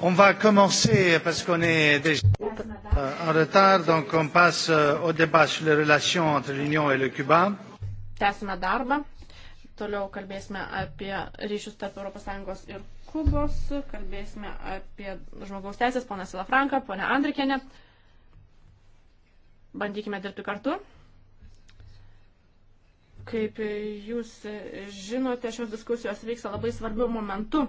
On va commencer parce qu'on est déjà en retard, donc on passe euh, au débat sur les relations entre l'Union et le Cuba. Tęsime darbą. Toliau kalbėsime apie ryšius tarp ES ir Kubos, kalbėsime apie žmogaus teisės, pana Silafranka, pana Andrikienė. Bandykime dirbti kartu. Kaip jūs žinote, šios diskusijos vyksta labai svarbiu momentu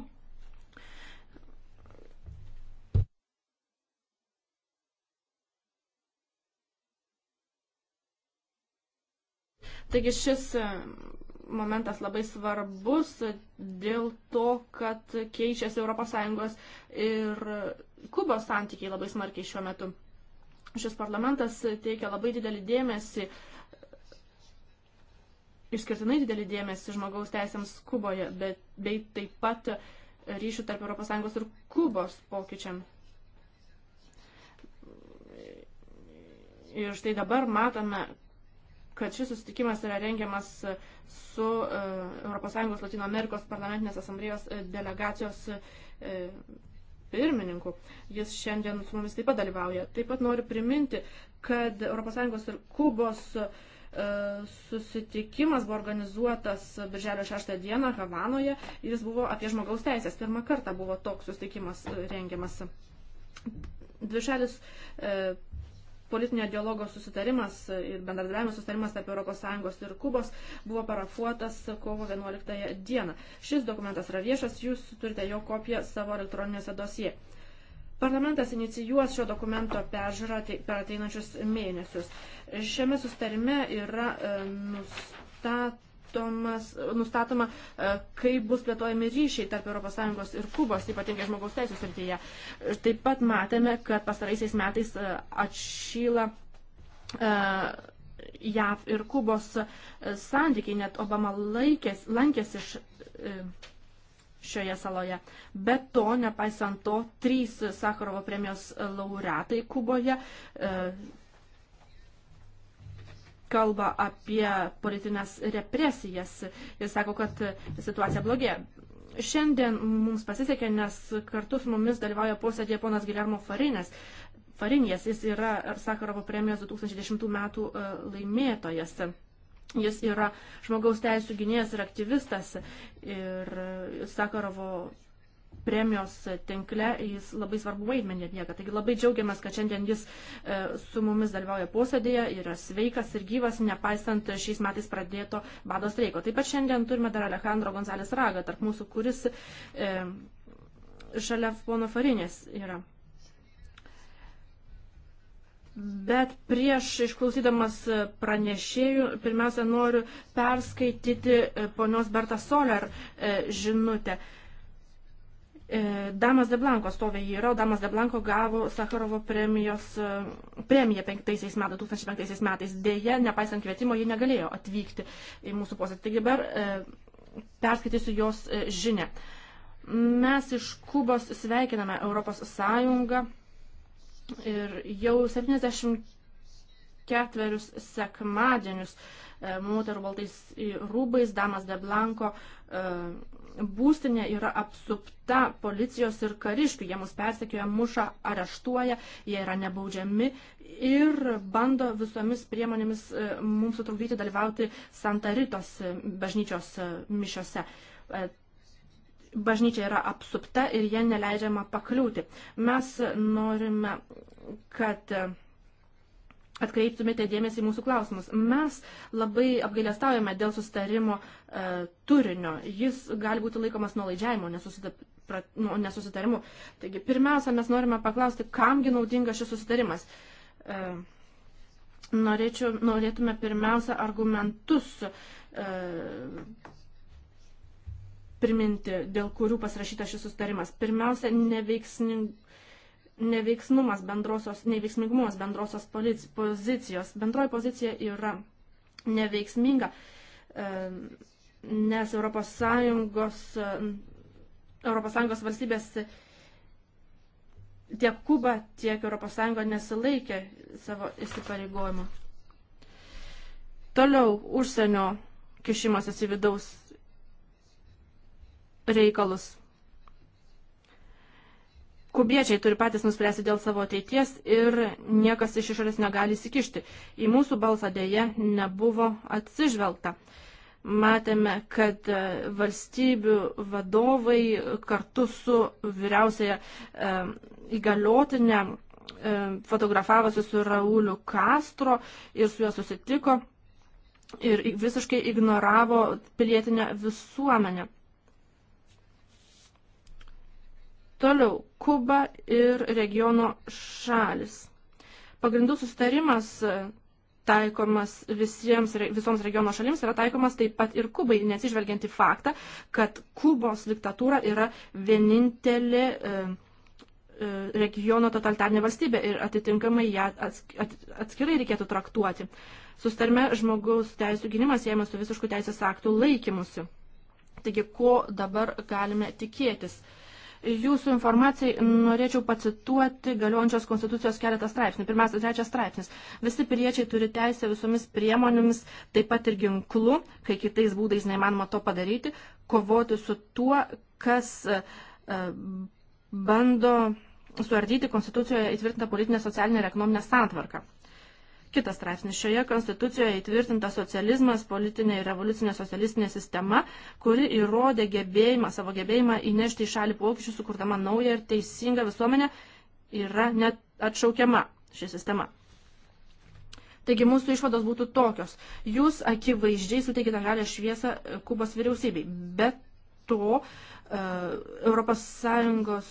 Taigi šis e, momentas labai svarbus dėl to, kad keičiasi ES ir Kubos santykiai labai smarkiai šiuo metu. Šis parlamentas teikia labai didelį dėmesį, išskirtinai didelį dėmesį žmogaus teisėms Kuboje, bet, bei taip pat ryšių tarp ES ir Kubos pokyčiam. Ir štai dabar matome, kad šis susitikimas yra rengiamas su ES Latino Amerikos parlamentinės asamblėjos e, delegacijos e, pirmininku. Jis šiandien su mumis taip pat dalyvauja. Taip pat noriu priminti, kad ES ir Kubos e, susitikimas buvo organizuotas birželio 6 dieną Havanoje ir jis buvo apie žmogaus teisės. Pirmą kartą buvo toks susitikimas rengiamas. Dvišalis politinio dialogo susitarimas ir bendradarbiavimo susitarimas tarp ES ir Kubos buvo parafuotas kovo 11 dieną. Šis dokumentas yra viešas, jūs turite jo kopiją savo elektroninėse dosijai. Parlamentas inicijuos šio dokumento peržiūrą per ateinančius mėnesius. Šiame sustarime yra e, nustatoma nustatoma, e, kaip bus plėtojami ryšiai tarp ES ir Kubos, ypatingai žmogaus teisų srityje. Taip pat matėme, kad pastaraisiais metais e, atšyla e, JAV ir Kubos santykiai, net Obama laikės, lankėsi iš šioje saloje. Be to, nepaisant to, trys Sakarovo premijos laureatai Kuboje kalba apie politinės represijas ir sako, kad situacija blogėja. Šiandien mums pasisekė, nes kartu su mumis dalyvauja posėdėje ponas Gilermo Farinės. Farinės, jis yra Sakarovo premijos 2010 metų e, laimėtojas. Jis yra žmogaus teisų gynėjas ir aktyvistas ir Sakarovo premijos tinkle jis labai svarbu vaidmenį atlieka. Taigi labai džiaugiamės, kad šiandien jis e, su mumis dalyvauja posėdėje, yra sveikas ir gyvas, nepaisant šiais metais pradėto bado streiko. Taip pat šiandien turime dar Alejandro Gonzalės Ragą tarp mūsų, kuris e, šalia pono Farinės yra. Bet prieš išklausydamas pranešėjų, pirmiausia, noriu perskaityti e, ponios Berta Soler e, žinutę. E, E, Damas de Blanko stovė jį yra, o Damas de Blanko gavo Sakarovo premijos, e, premiją 2005 metais, 2005 metais. Deja, nepaisant kvietimo, ji negalėjo atvykti į mūsų posėdį. Taigi dabar e, perskaitysiu jos žinę. Mes iš Kubos sveikiname Europos Sąjungą ir jau 70 ketverius sekmadienius e, moterų baltais rūbais Damas de Blanko e, būstinė yra apsupta policijos ir kariškių. Jie mus persekioja, muša, areštuoja, jie yra nebaudžiami ir bando visomis priemonėmis e, mums sutrukdyti dalyvauti Santaritos bažnyčios mišiose. Bažnyčia yra apsupta ir jie neleidžiama pakliūti. Mes norime, kad atkreiptumėte dėmesį į mūsų klausimus. Mes labai apgailestaujame dėl sustarimo e, turinio. Jis gali būti laikomas nuolaidžiavimo, nu, nesusitarimu. Taigi, pirmiausia, mes norime paklausti, kamgi naudinga šis susitarimas. E, norėčiau, norėtume pirmiausia argumentus e, priminti, dėl kurių pasirašytas šis sustarimas. Pirmiausia, neveiksningas neveiksnumas bendrosios, neveiksmingumas bendrosios pozicijos. Bendroji pozicija yra neveiksminga, e, nes ES, ES valstybės tiek Kuba, tiek ES nesilaikė savo įsipareigojimo. Toliau užsienio kišimasis į vidaus reikalus kubiečiai turi patys nuspręsti dėl savo ateities ir niekas iš išorės negali įsikišti. Į mūsų balsą dėje nebuvo atsižvelgta. Matėme, kad e, valstybių vadovai kartu su vyriausiaja e, įgaliotinė e, fotografavosi su Rauliu Castro ir su juo susitiko ir visiškai ignoravo pilietinę visuomenę. Toliau Kuba ir regiono šalis. Pagrindų sustarimas e, taikomas visiems, visoms regiono šalims yra taikomas taip pat ir Kubai, nesižvelgianti faktą, kad Kubos diktatūra yra vienintelė e, e regiono totalitarnė valstybė ir atitinkamai ją atskirai reikėtų traktuoti. Sustarme žmogaus teisų gynimas siejamas su visišku teisės aktų laikymusi. Taigi, ko dabar galime tikėtis? Uh, Jūsų informacijai norėčiau pacituoti galiojančios konstitucijos keletą straipsnių. Pirmiausia, trečias straipsnis. Visi piliečiai turi teisę visomis priemonėmis, taip pat ir ginklu, kai kitais būdais neįmanoma to padaryti, kovoti su tuo, kas e, e, bando suardyti konstitucijoje įtvirtintą politinę, socialinę ir ekonominę santvarką. Kitas straipsnis. Šioje konstitucijoje įtvirtinta socializmas, politinė ir revoliucinė socialistinė sistema, kuri įrodė gebėjimą, savo gebėjimą įnešti į šalį pokyčių, sukurdama naują ir teisingą visuomenę, yra net atšaukiama ši sistema. Taigi mūsų išvados būtų tokios. Jūs akivaizdžiai suteikite galę šviesą Kubos vyriausybei. Bet to ES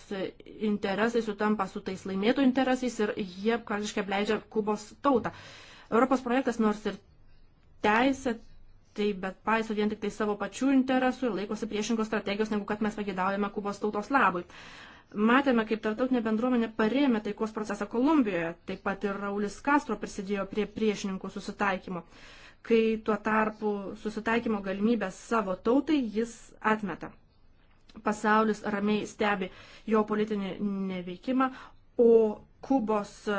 interesai sutampa su tais laimėtų interesais ir jie praktiškai apleidžia Kubos tautą. Europos projektas nors ir teisė, tai bet paiso vien tik tai savo pačių interesų ir laikosi priešingos strategijos, negu kad mes pagėdaujame Kubos tautos labui. Matėme, kaip tartautinė bendruomenė parėmė taikos procesą Kolumbijoje, taip pat ir Raulis Castro prisidėjo prie priešininkų susitaikymo, kai tuo tarpu susitaikymo galimybę savo tautai jis atmeta pasaulis ramiai stebi jo politinį neveikimą, o Kubos e,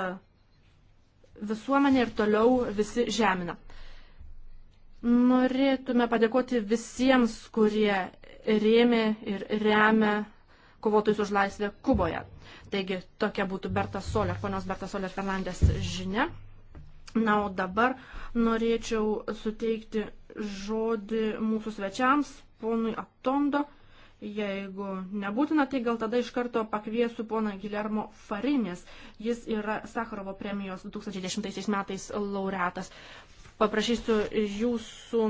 visuomenė ir toliau visi žemina. Norėtume padėkoti visiems, kurie rėmė ir remia kovotojus už laisvę Kuboje. Taigi tokia būtų Berta Soler, ponios Berta Soler Fernandės žinia. Na, o dabar norėčiau suteikti žodį mūsų svečiams, ponui Atondo. Jeigu nebūtina, tai gal tada iš karto pakviesiu poną Gilermo Farinės. Jis yra Sakarovo premijos 2010 metais laureatas. Paprašysiu jūsų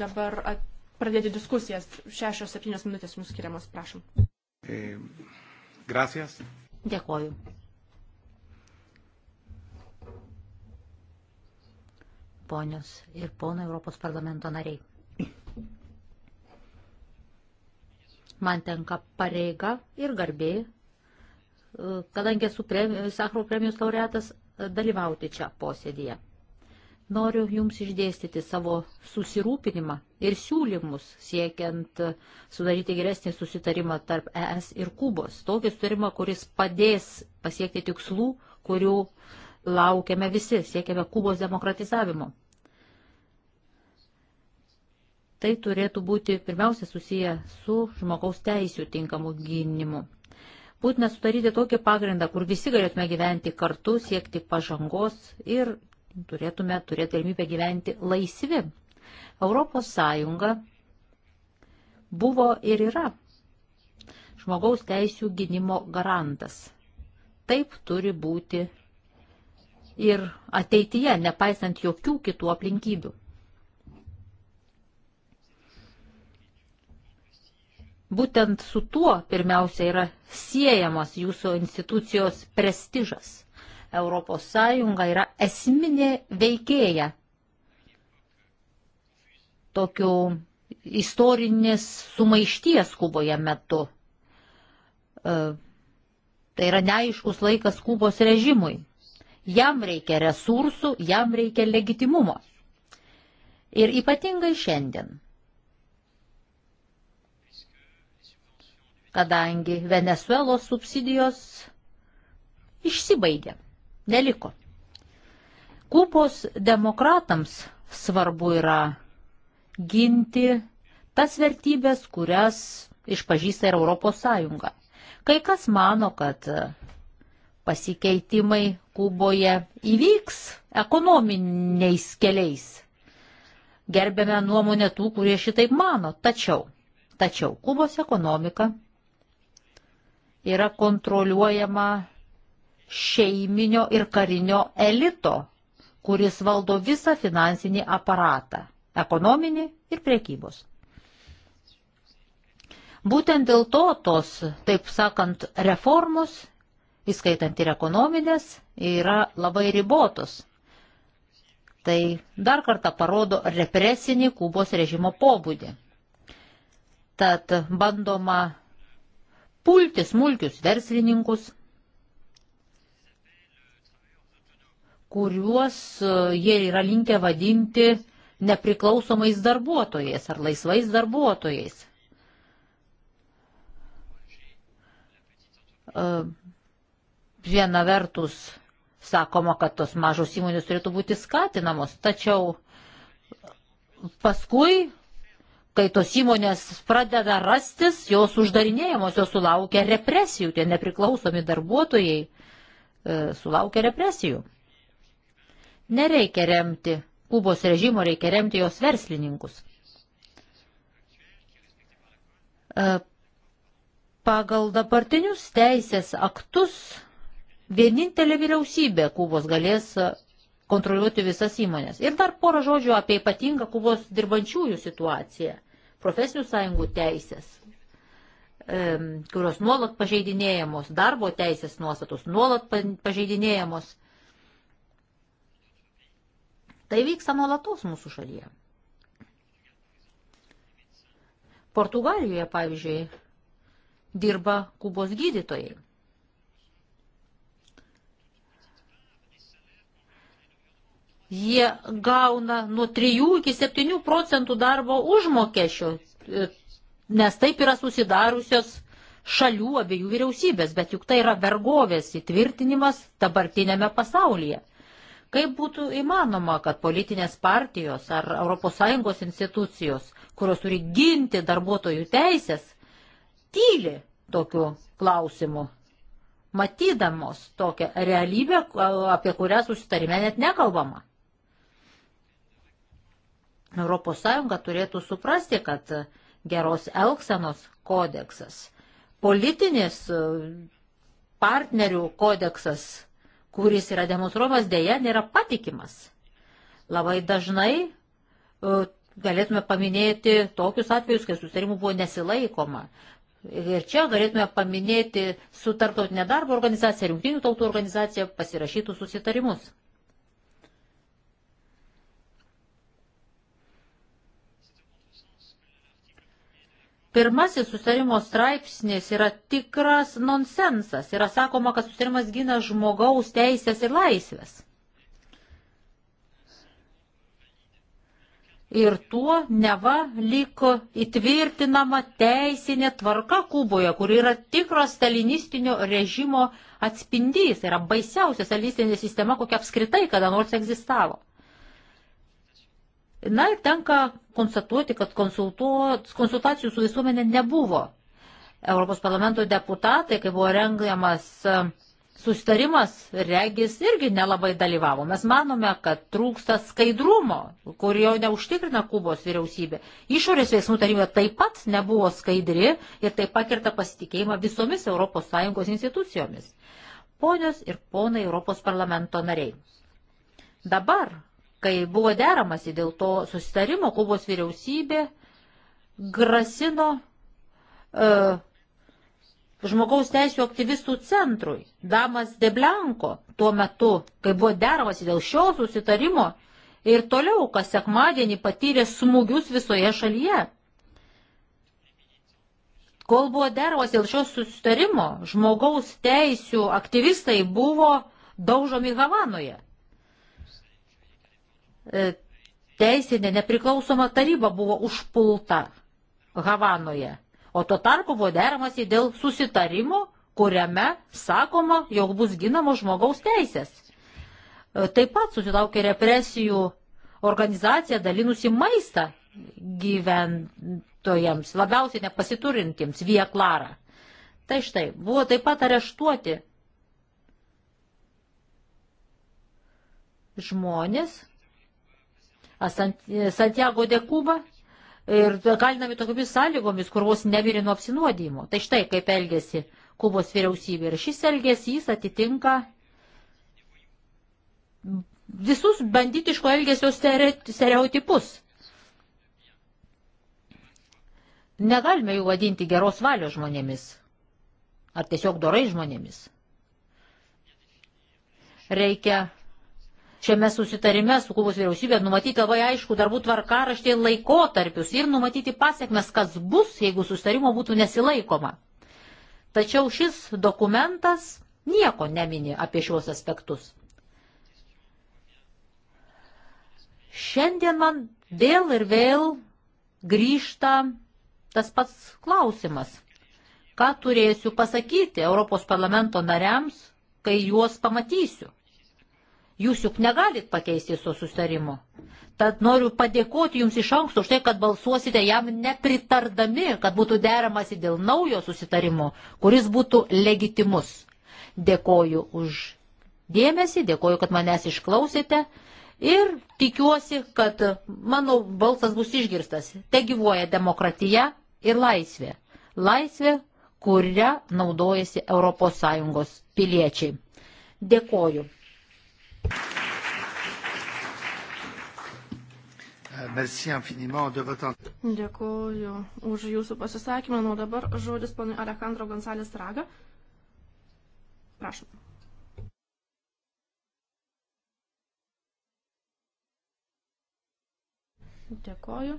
dabar pradėti diskusijas. Šešios, septynios minutės jums skiriamos, prašom. E, gracias. Dėkoju. Ponios ir ponai Europos parlamento nariai. Man tenka pareiga ir garbė, e, kadangi esu premijos, Sakro premijos laureatas, e, dalyvauti čia posėdėje. Noriu Jums išdėstyti savo susirūpinimą ir siūlymus siekiant e, sudaryti geresnį susitarimą tarp ES ir Kubos. Tokį sutarimą, kuris padės pasiekti tikslų, kurių laukiame visi, siekiame Kubos demokratizavimo. Tai turėtų būti pirmiausia susiję su žmogaus teisų tinkamu gynimu. Būtina sudaryti tokį pagrindą, kur visi galėtume gyventi kartu, siekti pažangos ir turėtume turėti galimybę gyventi laisvi. Europos Sąjunga buvo ir yra žmogaus teisų gynimo garantas. Taip turi būti ir ateityje, nepaisant jokių kitų aplinkybių. būtent su tuo pirmiausia yra siejamas jūsų institucijos prestižas. ES yra esminė veikėja tokių istorinės sumaišties Kuboje metu. E, tai yra neaiškus laikas Kubos režimui. Jam reikia resursų, jam reikia legitimumo. Ir ypatingai šiandien kadangi Venezuelos subsidijos išsibaigė, neliko. Kubos demokratams svarbu yra ginti tas vertybės, kurias išpažįsta ir Europos Sąjunga. Kai kas mano, kad pasikeitimai Kuboje įvyks ekonominiais keliais. Gerbėme nuomonę tų, kurie šitaip mano. Tačiau, tačiau Kubos ekonomika yra kontroliuojama šeiminio ir karinio elito, kuris valdo visą finansinį aparatą - ekonominį ir priekybos. Būtent dėl to tos, taip sakant, reformos, įskaitant ir ekonominės, yra labai ribotos. Tai dar kartą parodo represinį Kubos režimo pobūdį. Tad bandoma pulti smulkius verslininkus, kuriuos e, jie yra linkę vadinti nepriklausomais darbuotojais ar laisvais darbuotojais. E, viena vertus sakoma, kad tos mažos įmonės turėtų būti skatinamos, tačiau paskui kai tos įmonės pradeda rastis, jos uždarinėjamos, jos sulaukia represijų, tie nepriklausomi darbuotojai e, sulaukia represijų. Nereikia remti Kubos režimo, reikia remti jos verslininkus. E, pagal dabartinius teisės aktus vienintelė vyriausybė Kubos galės kontroliuoti visas įmonės. Ir dar porą žodžių apie ypatingą Kubos dirbančiųjų situaciją profesinių sąjungų teisės, e, kurios nuolat pažeidinėjamos, darbo teisės nuostatos nuolat pažeidinėjamos. Tai vyksta nuolatos mūsų šalyje. Portugalijoje, pavyzdžiui, dirba Kubos gydytojai. jie gauna nuo 3 iki 7 procentų darbo užmokesčio, e, nes taip yra susidariusios šalių abiejų vyriausybės, bet juk tai yra vergovės įtvirtinimas dabartinėme pasaulyje. Kaip būtų įmanoma, kad politinės partijos ar ES institucijos, kurios turi ginti darbuotojų teisės, tyli tokiu klausimu, matydamos tokią realybę, apie kurią susitarime net nekalbama. ES turėtų suprasti, kad geros elgsenos kodeksas, politinis e, partnerių kodeksas, kuris yra demonstruojamas, dėja nėra patikimas. Labai dažnai e, galėtume paminėti tokius atvejus, kai sustarimų buvo nesilaikoma. Ir čia galėtume paminėti su tarptautinė darbo organizacija, rinktinių tautų organizacija pasirašytų susitarimus. Pirmasis sustarimo straipsnis yra tikras nonsensas. Yra sakoma, kad sustarimas gina žmogaus teisės ir laisvės. Ir tuo neva liko įtvirtinama teisinė tvarka Kuboje, kur yra tikras stalinistinio režimo atspindys. Yra baisiausia stalinistinė sistema, kokia apskritai kada nors egzistavo. Na ir tenka konstatuoti, kad konsultacijų su visuomenė nebuvo. Europos parlamento deputatai, kai buvo rengiamas e, sustarimas, regis irgi nelabai dalyvavo. Mes manome, kad trūksta skaidrumo, kurio neužtikrina Kubos vyriausybė. Išorės veiksmų taryba taip pat nebuvo skaidri ir taip pakirta pasitikėjimą visomis ES institucijomis. Ponios ir ponai Europos parlamento nariai. Dabar Kai buvo deramasi dėl to susitarimo, Kubos vyriausybė grasino uh, žmogaus teisų aktyvistų centrui, Damas Deblanko, tuo metu, kai buvo deramasi dėl šio susitarimo ir toliau, kas sekmadienį patyrė smūgius visoje šalyje. Kol buvo deramasi dėl šio susitarimo, žmogaus teisų aktyvistai buvo daužomi Havanoje. E, teisinė nepriklausoma taryba buvo užpulta Havanoje, o tuo tarpu buvo deramasi dėl susitarimo, kuriame sakoma, jog bus ginamos žmogaus teisės. E, taip pat susilaukė represijų organizacija dalinusi maistą gyventojams, labiausiai nepasiturintiems, Via Klara. Tai štai, buvo taip pat areštuoti žmonės, Santiago de Kuba ir kalinami tokiamis sąlygomis, kur vos nemirė nuo apsinuodimo. Tai štai kaip elgesi Kubos vyriausybė. Ir šis elgesys atitinka visus banditiško elgesio stereotipus. Negalime jų vadinti geros valios žmonėmis ar tiesiog dorai žmonėmis. Reikia Šiame susitarime su Kubos vyriausybė numatyti labai aišku darbų tvarkaraštį laikotarpius ir numatyti pasiekmes, kas bus, jeigu susitarimo būtų nesilaikoma. Tačiau šis dokumentas nieko nemini apie šios aspektus. Šiandien man vėl ir vėl grįžta tas pats klausimas. Ką turėsiu pasakyti Europos parlamento nariams, kai juos pamatysiu? Jūs juk negalit pakeisti su susitarimu. Tad noriu padėkoti Jums iš anksto už tai, kad balsuosite jam nepritardami, kad būtų deramasi dėl naujo susitarimo, kuris būtų legitimus. Dėkoju už dėmesį, dėkoju, kad manęs išklausėte ir tikiuosi, kad mano balsas bus išgirstas. Te gyvuoja demokratija ir laisvė. Laisvė, kuria naudojasi ES piliečiai. Dėkoju. Euh, Dėkuoju už jūsų pasisakymą. Na, dabar žodis ponui Alejandro Gonzalės Raga. Prašom. Dėkoju.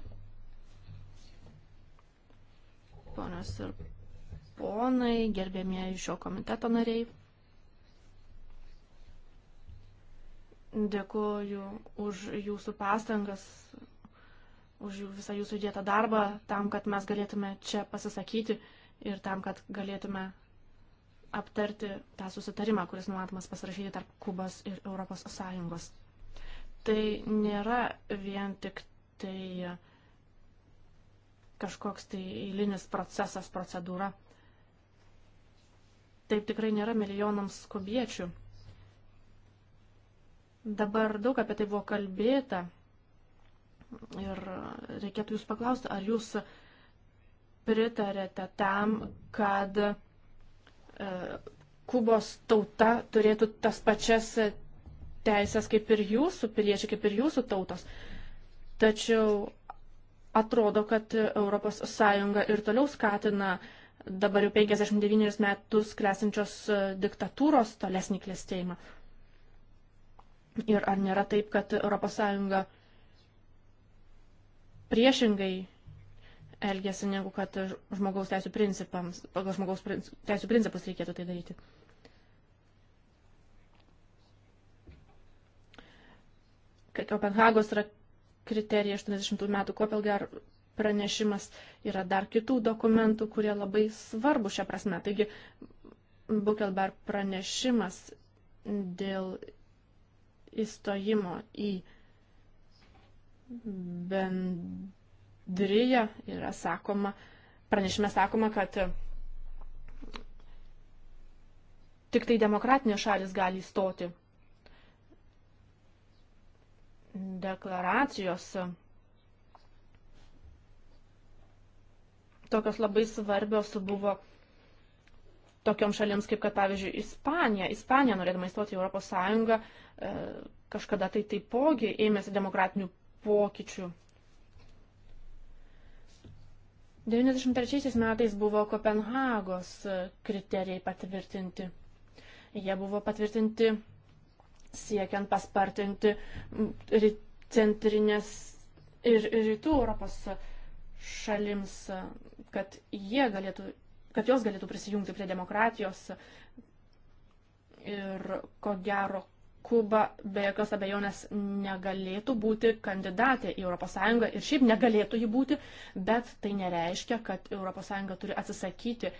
Ponas ir ponai, gerbėmieji šio komiteto nariai. Dėkuoju už jūsų pastangas, už visą jūsų įdėtą darbą, tam, kad mes galėtume čia pasisakyti ir tam, kad galėtume aptarti tą susitarimą, kuris numatomas pasirašyti tarp Kubos ir Europos Sąjungos. Tai nėra vien tik tai kažkoks tai eilinis procesas, procedūra. Taip tikrai nėra milijonams kubiečių Dabar daug apie tai buvo kalbėta ir reikėtų jūs paklausti, ar jūs pritarėte tam, kad e, Kubos tauta turėtų tas pačias teisės kaip ir jūsų piliečiai, kaip ir jūsų tautos. Tačiau atrodo, kad ES ir toliau skatina dabar jau 59 metus klesinčios diktatūros tolesnį klėstėjimą. Ir ar nėra taip, kad ES priešingai elgesi, negu kad žmogaus teisų principams, pagal žmogaus teisų principus reikėtų tai daryti. Kopenhagos yra kriterija 80 metų Kopelgar pranešimas, yra dar kitų dokumentų, kurie labai svarbu šią prasme. Taigi, Bukelberg pranešimas dėl įstojimo į bendriją yra sakoma, pranešime sakoma, kad tik tai demokratinės šalis gali įstoti. Deklaracijos tokios labai svarbios buvo tokiom šalims kaip, kad pavyzdžiui, Ispanija. Ispanija, norėdama įstoti į Europos Sąjungą, e, kažkada tai taipogi ėmėsi demokratinių pokyčių. 93 metais buvo Kopenhagos e, kriterijai patvirtinti. Jie buvo patvirtinti siekiant paspartinti centrinės ir rytų Europos šalims, e, kad jie galėtų kad jos galėtų prisijungti prie demokratijos. Ir ko gero, Kuba be jokios abejonės negalėtų būti kandidatė į ES ir šiaip negalėtų ji būti, bet tai nereiškia, kad ES turi atsisakyti e,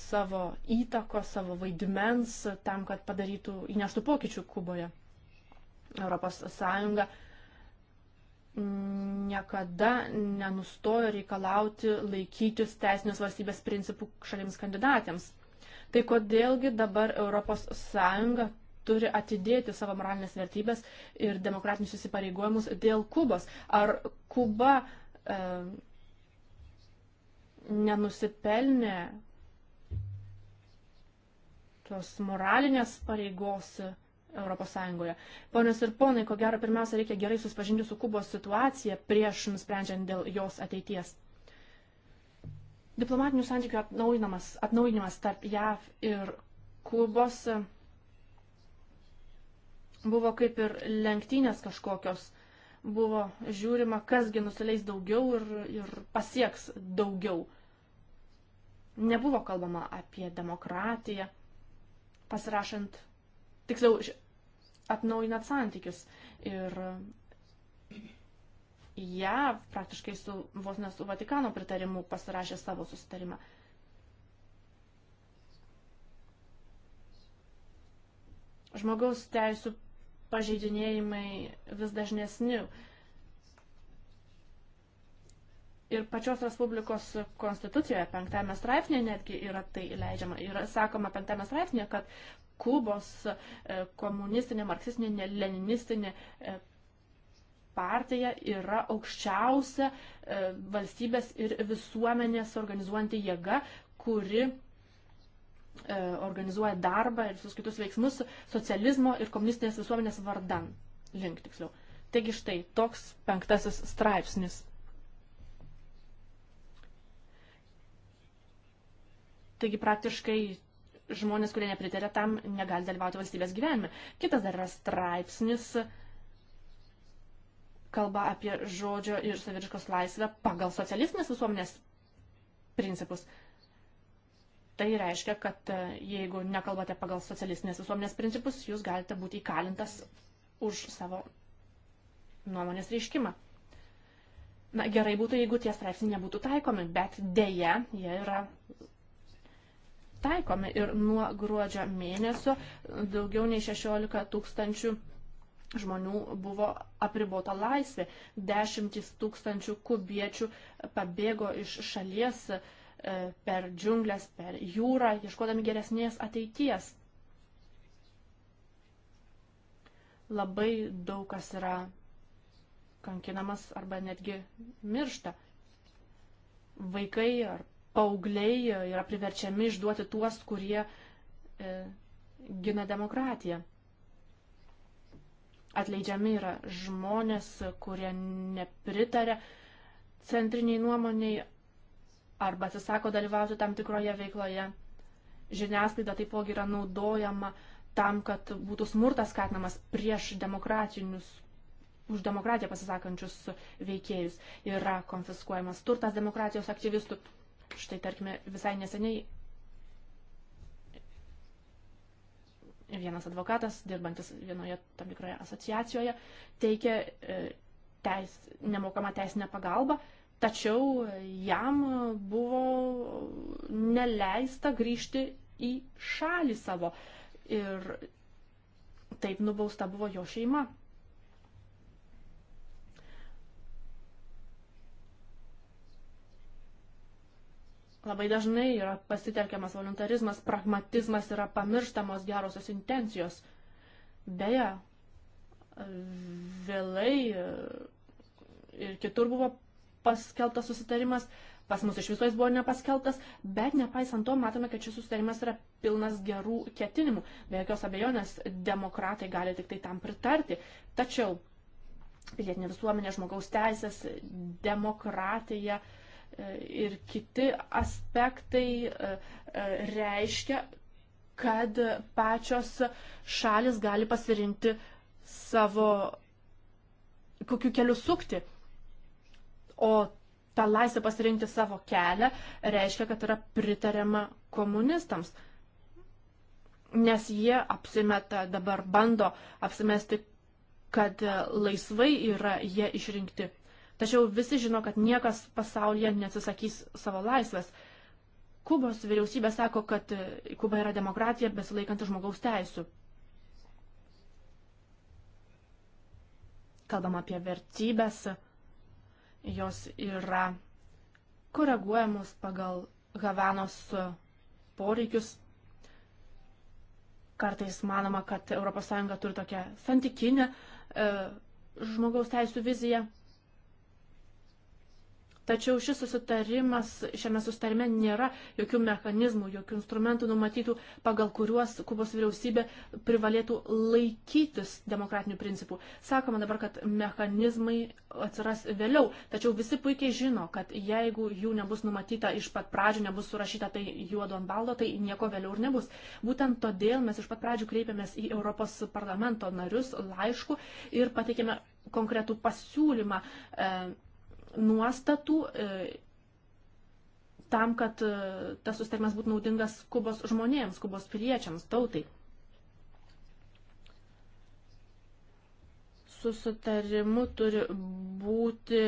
savo įtakos, savo vaidmens tam, kad padarytų, įneštų pokyčių Kuboje. ES niekada nenustojo reikalauti laikytis teisinės valstybės principų šalims kandidatėms. Tai kodėlgi dabar ES turi atidėti savo moralinės vertybės ir demokratinius įsipareigojimus dėl Kubos? Ar Kuba e, nenusipelnė tos moralinės pareigos? E, ES. Ponios ir ponai, ko gero, pirmiausia, reikia gerai suspažinti su Kubos situacija prieš nusprendžiant dėl jos ateities. Diplomatinių santykių atnaujinimas, atnaujinimas tarp JAV ir Kubos e, buvo kaip ir lenktynės kažkokios. Buvo žiūrima, kasgi nusileis daugiau ir, ir pasieks daugiau. Nebuvo kalbama apie demokratiją, pasirašant tiksliau, atnaujinat santykius. Ir JAV praktiškai su, vos ne su Vatikano pritarimu pasirašė savo susitarimą. Žmogaus teisų pažeidinėjimai vis dažnesni, Ir pačios Respublikos konstitucijoje penktame straipsnėje netgi yra tai leidžiama. Yra sakoma penktame straipsnėje, kad Kubos e, komunistinė, marksistinė, leninistinė e, partija yra aukščiausia e, valstybės ir visuomenės organizuojanti jėga, kuri organizuoja darbą ir visus kitus veiksmus socializmo ir komunistinės visuomenės vardan link tiksliau. Taigi štai toks penktasis straipsnis. Taigi praktiškai žmonės, kurie nepritarė tam, negali dalyvauti valstybės gyvenime. Kitas dar yra straipsnis, kalba apie žodžio ir saviriškos laisvę pagal socialistinės visuomenės principus. Tai reiškia, kad e, jeigu nekalbate pagal socialistinės visuomenės principus, jūs galite būti įkalintas už savo nuomonės reiškimą. Na, gerai būtų, jeigu tie straipsniai nebūtų taikomi, bet dėja, jie yra taikomi ir nuo gruodžio mėnesio daugiau nei 16 tūkstančių žmonių buvo apribota laisvė, dešimtys tūkstančių kubiečių pabėgo iš šalies e, per džiunglės, per jūrą, ieškodami geresnės ateities. Labai daug kas yra kankinamas arba netgi miršta. Vaikai ar paaugliai e, yra priverčiami išduoti tuos, kurie e, gina demokratiją. Atleidžiami yra žmonės, kurie nepritarė centriniai nuomoniai arba atsisako dalyvauti tam tikroje veikloje. Žiniasklaida taipogi yra naudojama tam, kad būtų smurtas skatinamas prieš demokratinius už demokratiją pasisakančius veikėjus yra konfiskuojamas turtas demokratijos aktyvistų. Štai tarkime, visai neseniai vienas advokatas, dirbantis vienoje tam tikroje asociacijoje, teikia e, teis, nemokamą teisinę pagalbą, tačiau jam buvo neleista grįžti į šalį savo ir taip nubausta buvo jo šeima. Labai dažnai yra pasitelkiamas voluntarizmas, pragmatizmas yra pamirštamos gerosios intencijos. Beje, vėlai e, ir kitur buvo paskeltas susitarimas, pas mus iš viso jis buvo nepaskeltas, bet nepaisant to matome, kad šis susitarimas yra pilnas gerų ketinimų. Be jokios abejonės demokratai gali tik tai tam pritarti. Tačiau pilietinė visuomenė, žmogaus teisės, demokratija, uh, ir kiti aspektai e, e, reiškia, kad pačios šalis gali pasirinkti savo, kokiu keliu sukti. O ta laisvė pasirinkti savo kelią reiškia, kad yra pritariama komunistams. Nes jie apsimeta, dabar bando apsimesti, kad laisvai yra jie išrinkti Tačiau visi žino, kad niekas pasaulyje neatsisakys savo laisvės. Kubos vyriausybė sako, kad Kuba yra demokratija besilaikanti žmogaus teisų. Kalbam apie vertybės, jos yra koreguojamos pagal Havanos poreikius. Kartais manoma, kad ES turi tokią santykinę e, žmogaus teisų viziją. Tačiau šis susitarimas, šiame susitarime nėra jokių mechanizmų, jokių instrumentų numatytų, pagal kuriuos Kubos vyriausybė privalėtų laikytis demokratinių principų. Sakoma dabar, kad mechanizmai atsiras vėliau, tačiau visi puikiai žino, kad jeigu jų nebus numatyta iš pat pradžių, nebus surašyta tai juodo ant baldo, tai nieko vėliau ir nebus. Būtent todėl mes iš pat pradžių kreipėmės į Europos parlamento narius laišku ir pateikėme konkretų pasiūlymą. E, nuostatų e, tam, kad e, tas susitarimas būtų naudingas Kubos žmonėms, Kubos piliečiams, tautai. Susitarimu turi būti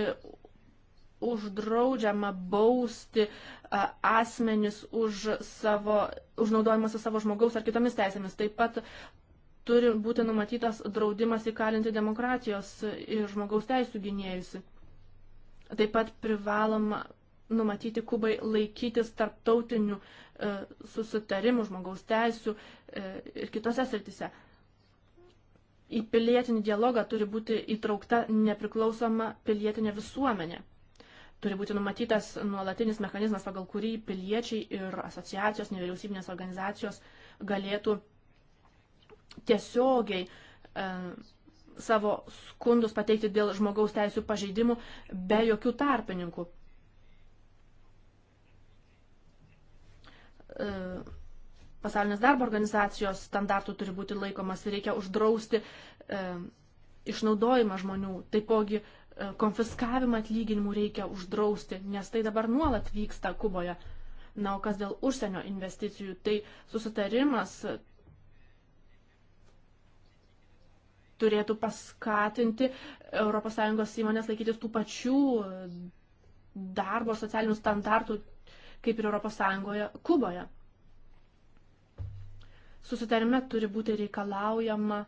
uždraudžiama bausti e, asmenis už, savo, už naudojimą su savo žmogaus ar kitomis teisėmis. Taip pat turi būti numatytas draudimas įkalinti demokratijos ir žmogaus teisų gynėjusi. Taip pat privaloma numatyti Kubai laikytis tarptautinių e, susitarimų žmogaus teisų e, ir kitose sritise. Į pilietinį dialogą turi būti įtraukta nepriklausoma pilietinė visuomenė. Turi būti numatytas nuolatinis mechanizmas, pagal kurį piliečiai ir asociacijos, nevyriausybinės organizacijos galėtų tiesiogiai e, savo skundus pateikti dėl žmogaus teisų pažeidimų be jokių tarpininkų. E, pasaulinės darbo organizacijos standartų turi būti laikomas ir reikia uždrausti e, išnaudojimą žmonių. Taipogi e, konfiskavimą atlyginimų reikia uždrausti, nes tai dabar nuolat vyksta Kuboje. Na, o kas dėl užsienio investicijų, tai susitarimas turėtų paskatinti ES įmonės laikytis tų pačių darbo socialinių standartų kaip ir ES Kuboje. Susitarime turi būti reikalaujama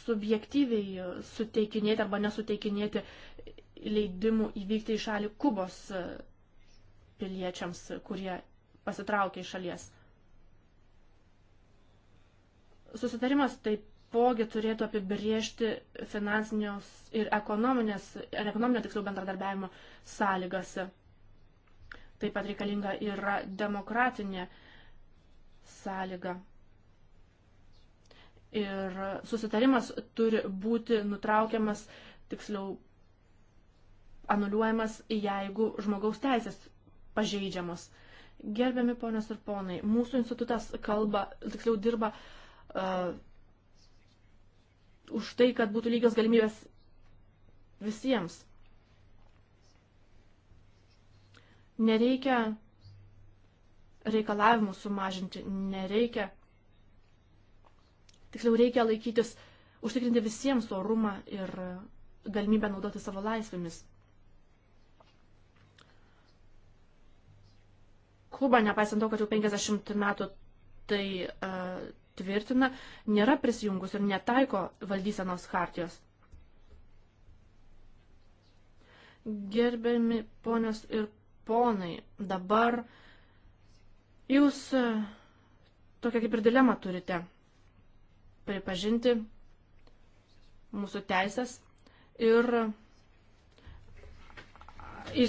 subjektyviai suteikinėti arba nesuteikinėti leidimų įvykti į šalį Kubos piliečiams, kurie pasitraukė iš šalies. Susitarimas taipogi turėtų apibriežti finansinius ir ekonominės, ir ekonominio tiksliau bendradarbiavimo sąlygas. Taip pat reikalinga yra demokratinė sąlyga. Ir susitarimas turi būti nutraukiamas, tiksliau anuliuojamas, jeigu žmogaus teisės pažeidžiamos. Gerbiami ponios ir ponai, mūsų institutas kalba, tiksliau dirba uh, už tai, kad būtų lygios galimybės visiems. Nereikia reikalavimų sumažinti, nereikia. Tiksliau reikia laikytis, užtikrinti visiems orumą ir galimybę naudoti savo laisvėmis. klubą, nepaisant to, kad jau 50 metų tai uh, tvirtina, nėra prisijungus ir netaiko valdysenos hartijos. Gerbiami ponios ir ponai, dabar jūs e, tokią kaip ir dilemą turite pripažinti mūsų teisės ir e,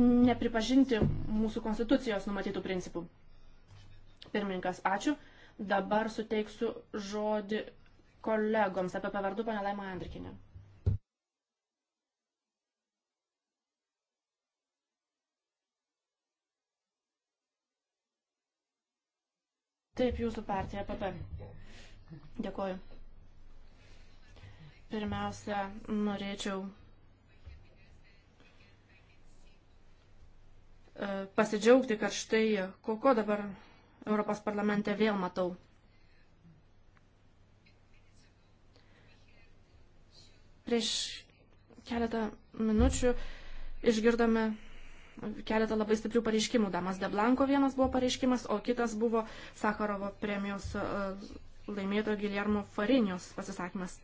nepripažinti mūsų konstitucijos numatytų principų. Pirmininkas, ačiū. Dabar suteiksiu žodį kolegoms apie pavardų ponę Laimą Andrikinę. Taip, jūsų partija, PP. Dėkoju. Pirmiausia, norėčiau E, pasidžiaugti, kad štai koko dabar Europos parlamente vėl matau. Prieš keletą minučių išgirdome keletą labai stiprių pareiškimų. Damas De Blanko vienas buvo pareiškimas, o kitas buvo Sakarovo premijos e, laimėto Giljermo Farinios pasisakymas.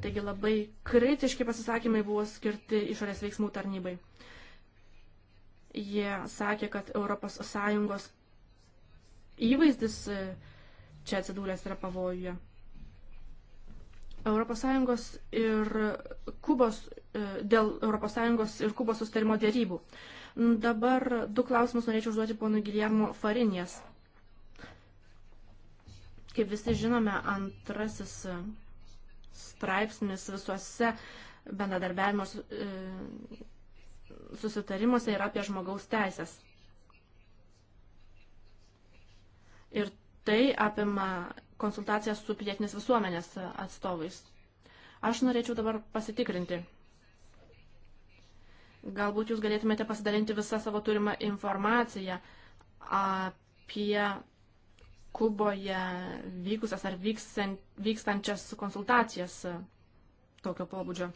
Taigi labai kritiški pasisakymai buvo skirti išorės veiksmų tarnybai. Uh, Jie sakė, kad ES įvaizdis e, čia atsidūręs yra pavojuje. ES ir Kubos, e, dėl ES ir Kubos sustarimo dėrybų. Dabar du klausimus norėčiau užduoti ponui Giljermo Farinės. Kaip visi žinome, antrasis straipsnis visuose bendradarbiavimo e, susitarimuose yra apie žmogaus teisės. Ir tai apima konsultacijas su pilietinės visuomenės atstovais. Aš norėčiau dabar pasitikrinti. Galbūt jūs galėtumėte pasidalinti visą savo turimą informaciją apie Kuboje vykusias ar vykstančias konsultacijas tokio pobūdžio.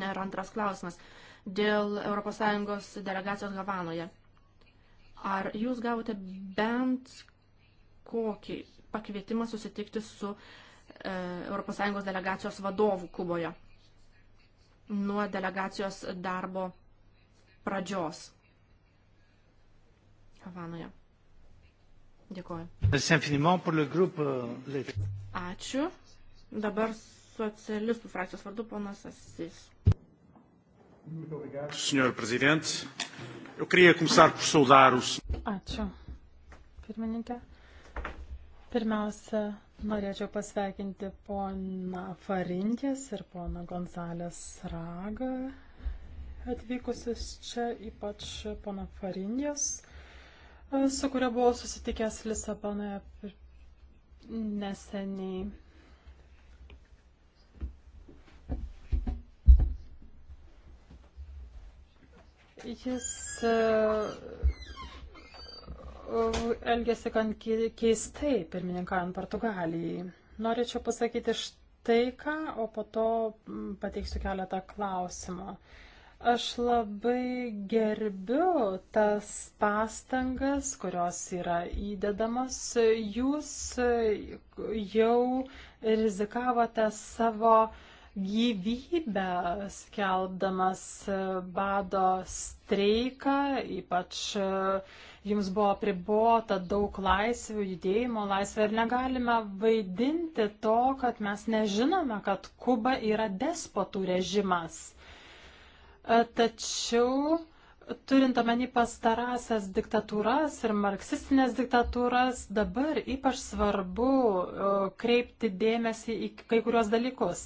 Na ir antras klausimas dėl ES delegacijos Havanoje. Ar jūs gavote bent kokį pakvietimą susitikti su ES delegacijos vadovu Kuboje nuo delegacijos darbo pradžios Havanoje? Dėkuoju. Euh, Ačiū. Dabar socialistų frakcijos vardu ponas Asis. Muito obrigado. Senhor Presidente, eu queria começar por saudar os. Ačiū. Pirmininkė. Pirmiausia, norėčiau pasveikinti poną Farintės ir poną Gonzalės Ragą atvykusius čia, ypač poną Farintės, su kuria buvau susitikęs Lisabonoje neseniai. Jis e, e, elgėsi gan keistai, pirmininkavant Portugalijai. Norėčiau pasakyti štai ką, o po to pateiksiu keletą klausimų. Aš labai gerbiu tas pastangas, kurios yra įdedamas. Jūs jau rizikavote savo uh, gyvybę skelbdamas e, bado streiką, ypač e, jums buvo pribota daug laisvių, judėjimo laisvė ir negalime vaidinti to, kad mes nežinome, kad Kuba yra despotų režimas. E, tačiau turint omeny pastarąsias diktatūras ir marksistinės diktatūras, dabar ypač svarbu kreipti dėmesį į kai kurios dalykus.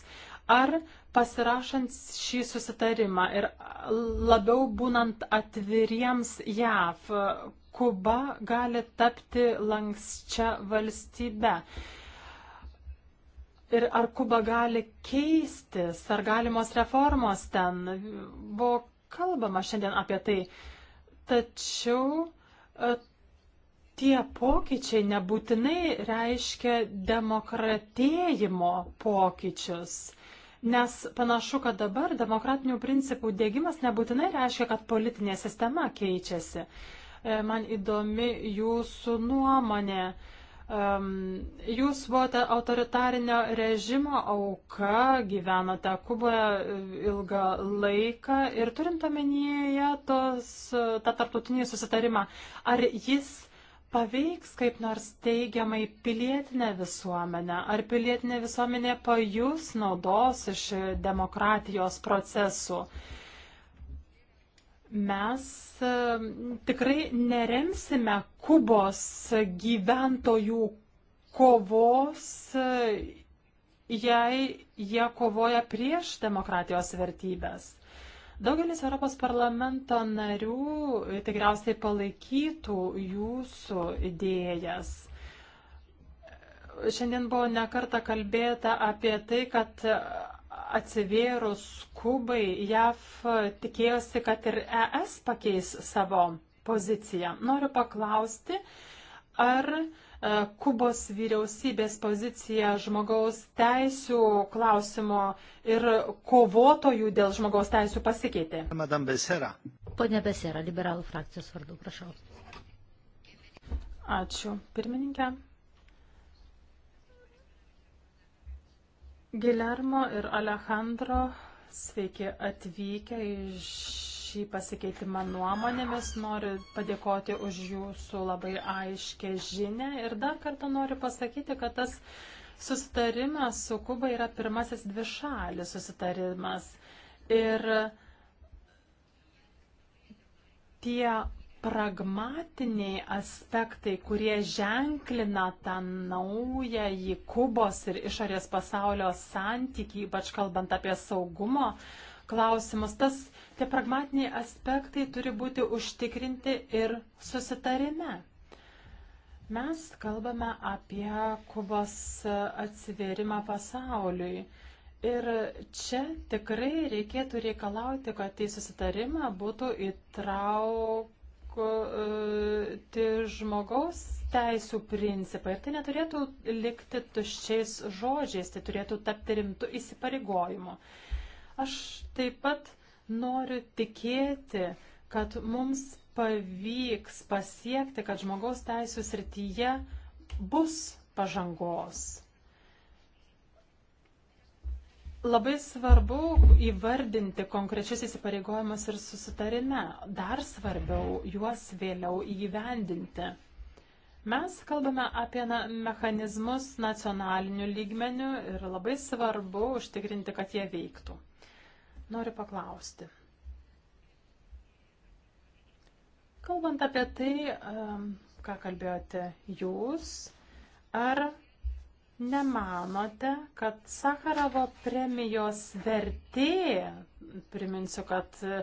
Ar pasirašant šį susitarimą ir labiau būnant atviriems JAV, Kuba gali tapti lankščia valstybe? Ir ar Kuba gali keistis, ar galimos reformos ten? Buvo kalbama šiandien apie tai. Tačiau e, tie pokyčiai nebūtinai reiškia demokratėjimo pokyčius. Nes panašu, kad dabar demokratinių principų dėgymas nebūtinai reiškia, kad politinė sistema keičiasi. E, man įdomi jūsų nuomonė. Uh, Jūs buvote autoritarinio režimo auka, gyvenote Kuboje e, ilgą laiką ir turint omenyje tos, e, tą tarptautinį susitarimą, ar jis paveiks kaip nors teigiamai pilietinę visuomenę, ar pilietinė visuomenė pajus naudos iš demokratijos procesų? Uh, mes e, tikrai neremsime Kubos gyventojų kovos, e, jei jie kovoja prieš demokratijos vertybės. Daugelis Europos parlamento narių tikriausiai palaikytų jūsų idėjas. Šiandien buvo nekarta kalbėta apie tai, kad atsivėrus Kubai, JAV tikėjosi, kad ir ES pakeis savo poziciją. Noriu paklausti, ar e, Kubos vyriausybės pozicija žmogaus teisų klausimo ir kovotojų dėl žmogaus teisų pasikeitė. Madame Besera. Pone Besera, liberalų frakcijos vardu, prašau. Ačiū, pirmininkė. Gilermo ir Alejandro, sveiki atvykę į šį pasikeitimą nuomonėmis. Noriu padėkoti už jūsų labai aiškę žinę ir dar kartą noriu pasakyti, kad tas susitarimas su Kuba yra pirmasis dvišalis susitarimas. Ir tie pragmatiniai aspektai, kurie ženklina tą naują į Kubos ir išorės pasaulio santykį, ypač kalbant apie saugumo klausimus, tas tie pragmatiniai aspektai turi būti užtikrinti ir susitarime. Mes kalbame apie Kubos atsivėrimą pasauliui. Ir čia tikrai reikėtų reikalauti, kad į susitarimą būtų įtrauk išsaugoti e, žmogaus teisų principai. Ir tai neturėtų likti tuščiais žodžiais, tai turėtų tapti rimtų įsipareigojimų. Aš taip pat noriu tikėti, kad mums pavyks pasiekti, kad žmogaus teisų srityje bus pažangos. Labai svarbu įvardinti konkrečius įsipareigojimus ir susitarime. Dar svarbiau juos vėliau įgyvendinti. Mes kalbame apie na, mechanizmus nacionaliniu lygmeniu ir labai svarbu užtikrinti, kad jie veiktų. Noriu paklausti. Kalbant apie tai, ką kalbėjote jūs, ar Nemanote, kad Sakarovo premijos vertė, priminsiu, kad e,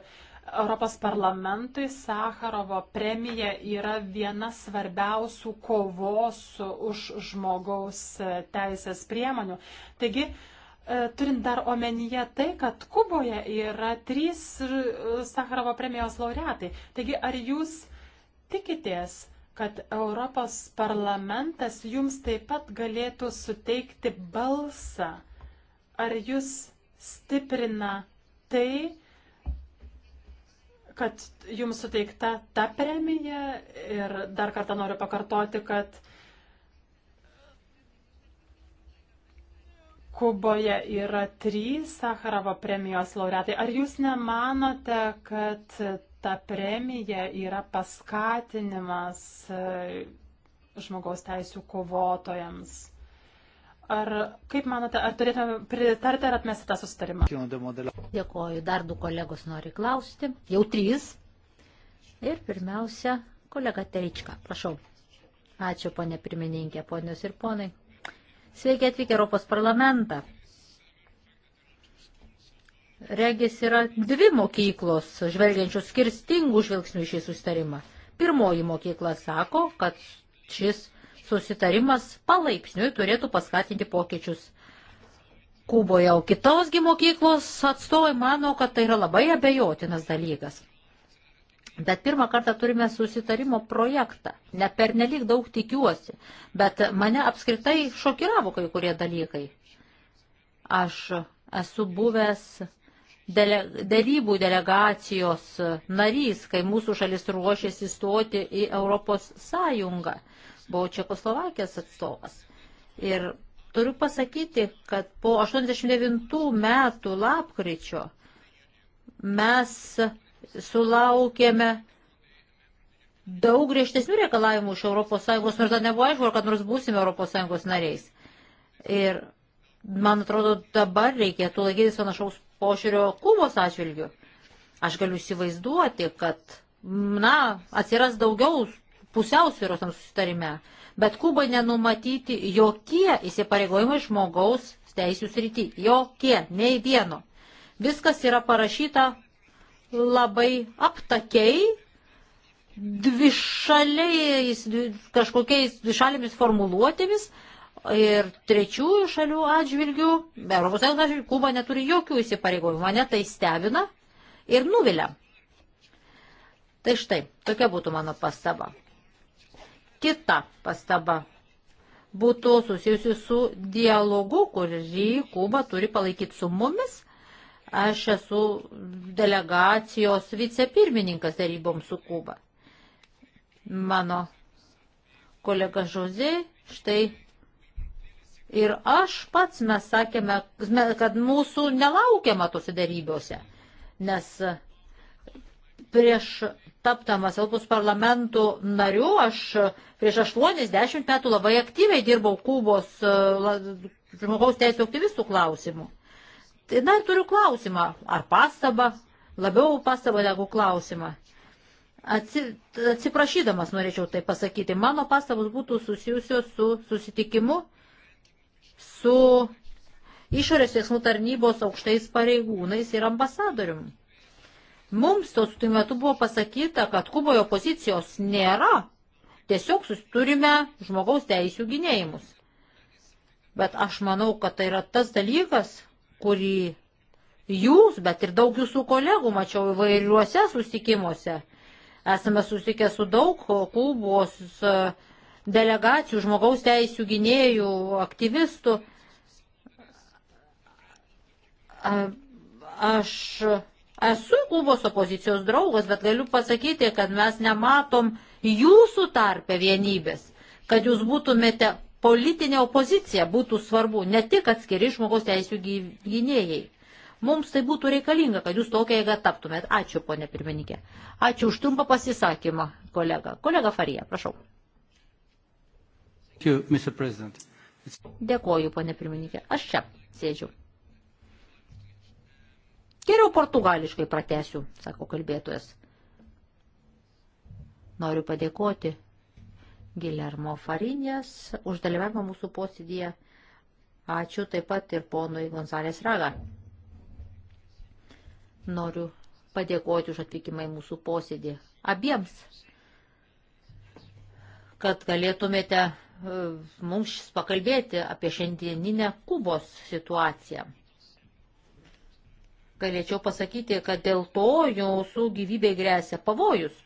Europos parlamentui Sakarovo premija yra viena svarbiausių kovos už žmogaus teisės priemonių. Taigi, e, turint dar omenyje tai, kad Kuboje yra trys e, Sakarovo premijos laureatai. Taigi, ar jūs tikitės, kad Europos parlamentas jums taip pat galėtų suteikti balsą. Ar jūs stiprina tai, kad jums suteikta ta premija ir dar kartą noriu pakartoti, kad Kuboje yra trys Sakarovo premijos laureatai. Ar jūs nemanote, kad ta premija yra paskatinimas e, žmogaus teisų kovotojams. Ar, kaip manote, ar turėtume pritarti ar atmesti tą susitarimą? Dėkoju. Dar du kolegos nori klausyti. Jau trys. Ir pirmiausia, kolega Teička. Prašau. Ačiū, ponė pirmininkė, ponios ir ponai. Sveiki atvykę Europos parlamentą regis yra dvi mokyklos, žvelgiančios skirtingų žvilgsnių į šį susitarimą. Pirmoji mokykla sako, kad šis susitarimas palaipsniui turėtų paskatinti pokyčius Kuboje, o kitosgi mokyklos atstovai mano, kad tai yra labai abejotinas dalykas. Bet pirmą kartą turime susitarimo projektą. Ne per nelik daug tikiuosi, bet mane apskritai šokiravo kai kurie dalykai. Aš esu buvęs dele, dėrybų delegacijos narys, kai mūsų šalis ruošėsi stoti į Europos Sąjungą. Buvau Čekoslovakijos atstovas. Ir turiu pasakyti, kad po 89 metų lapkričio mes sulaukėme daug griežtesnių reikalavimų iš ES, nors dar nebuvo aišku, kad nors būsime ES nariais. Ir man atrodo, dabar reikėtų laikytis panašaus požiūrio Kubos atžvilgiu. Aš galiu įsivaizduoti, kad, na, atsiras daugiau pusiausvyros tam susitarime, bet Kubai nenumatyti jokie įsipareigojimai žmogaus teisų srity. Jokie, nei vieno. Viskas yra parašyta labai aptakiai, dvišaliais, kažkokiais dvišalėmis formuluotėmis, ir trečiųjų šalių atžvilgių, be Europos Sąjungos atžvilgių, Kuba neturi jokių įsipareigojimų. Mane tai stebina ir nuvilia. Tai štai, tokia būtų mano pastaba. Kita pastaba būtų susijusi su dialogu, kurį Kuba turi palaikyti su mumis. Aš esu delegacijos vicepirmininkas daryboms su Kuba. Mano kolega Žozė štai Ir aš pats mes sakėme, kad mūsų nelaukiama tose darybose, nes prieš taptamas Europos parlamentų nariu, aš prieš 80 metų labai aktyviai dirbau Kubos e, žmogaus teisų aktyvistų klausimų. Na tai ir turiu klausimą, ar pastabą, labiau pastabą negu klausimą. Atsiprašydamas norėčiau tai pasakyti, mano pastabos būtų susijusios su susitikimu su išorės veiksmų tarnybos aukštais pareigūnais ir ambasadorium. Mums to su metu buvo pasakyta, kad Kuboje opozicijos nėra. Tiesiog turime žmogaus teisų gynėjimus. Bet aš manau, kad tai yra tas dalykas, kurį jūs, bet ir daug jūsų kolegų mačiau įvairiuose susitikimuose. Esame susitikę su daug Kubos uh, delegacijų, žmogaus teisų gynėjų, aktyvistų. Aš esu Kubos opozicijos draugas, bet galiu pasakyti, kad mes nematom jūsų tarpę vienybės, kad jūs būtumėte politinė opozicija, būtų svarbu ne tik atskiri žmogaus teisų gynėjai. Mums tai būtų reikalinga, kad jūs tokia jėga taptumėt. Ačiū, ponė pirmininkė. Ačiū už trumpą pasisakymą, kolega. Kolega Farija, prašau. Dėkoju, ponė pirmininkė. Aš čia sėdžiu. Geriau portugališkai pratesiu, sako kalbėtojas. Noriu padėkoti Gilermo Farinės už dalyvavimą mūsų posėdėje. Ačiū taip pat ir ponui Gonzalės Raga. Noriu padėkoti už atvykimą į mūsų posėdį abiems, kad galėtumėte E, mums pakalbėti apie šiandieninę Kubos situaciją. Galėčiau pasakyti, kad dėl to jūsų gyvybė grėsia pavojus.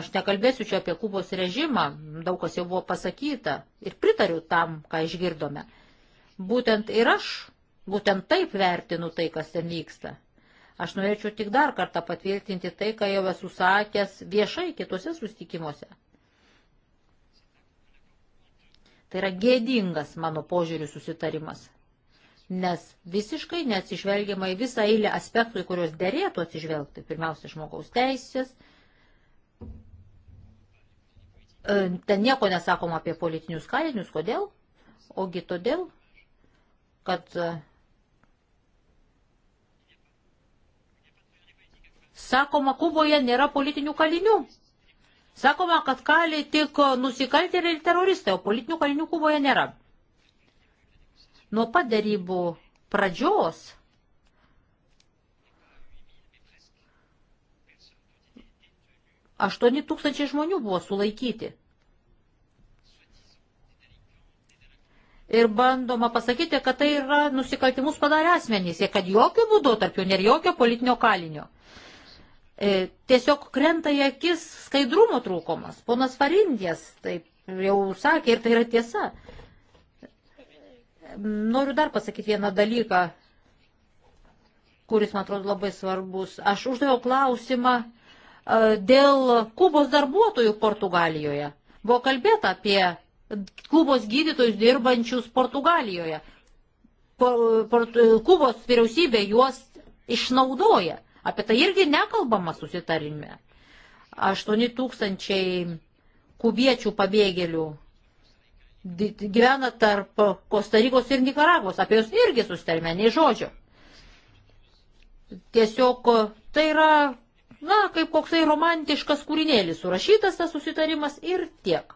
Aš nekalbėsiu čia apie Kubos režimą, daug kas jau buvo pasakyta ir pritariu tam, ką išgirdome. Būtent ir aš, būtent taip vertinu tai, kas ten vyksta. Aš norėčiau tik dar kartą patvirtinti tai, ką jau esu sakęs viešai kitose sustikimuose. Tai yra gėdingas mano požiūrių susitarimas, nes visiškai neatsižvelgiama į visą eilę aspektų, į kuriuos dėrėtų atsižvelgti. Pirmiausia, žmogaus teisės. E, ten nieko nesakoma apie politinius kalinius. Kodėl? Ogi todėl, kad e, sakoma, Kuboje nėra politinių kalinių. Sakoma, kad kali tik nusikaltėliai ir teroristai, o politinių kalinių Kuboje nėra. Nuo pat darybų pradžios aštuoni tūkstančiai žmonių buvo sulaikyti. ir bandoma pasakyti, kad tai yra nusikaltimus padarę asmenys ir kad jokių būdų tarp jų nėra jokio politinio kalinio e, tiesiog krenta į akis skaidrumo trūkumas. Ponas Farindės taip jau sakė ir tai yra tiesa. Noriu dar pasakyti vieną dalyką, kuris man atrodo labai svarbus. Aš uždaviau klausimą e, dėl Kubos darbuotojų Portugalijoje. Buvo kalbėta apie Kubos gydytojus dirbančius Portugalijoje. Por, por, Kubos vyriausybė juos išnaudoja. Apie tai irgi nekalbama susitarime. 8 tūkstančiai kubiečių pabėgėlių gyvena tarp Kostarikos ir Nikaragvos, apie juos irgi susitarime, nei žodžio. Tiesiog tai yra, na, kaip koksai romantiškas kūrinėlis, surašytas tas susitarimas ir tiek.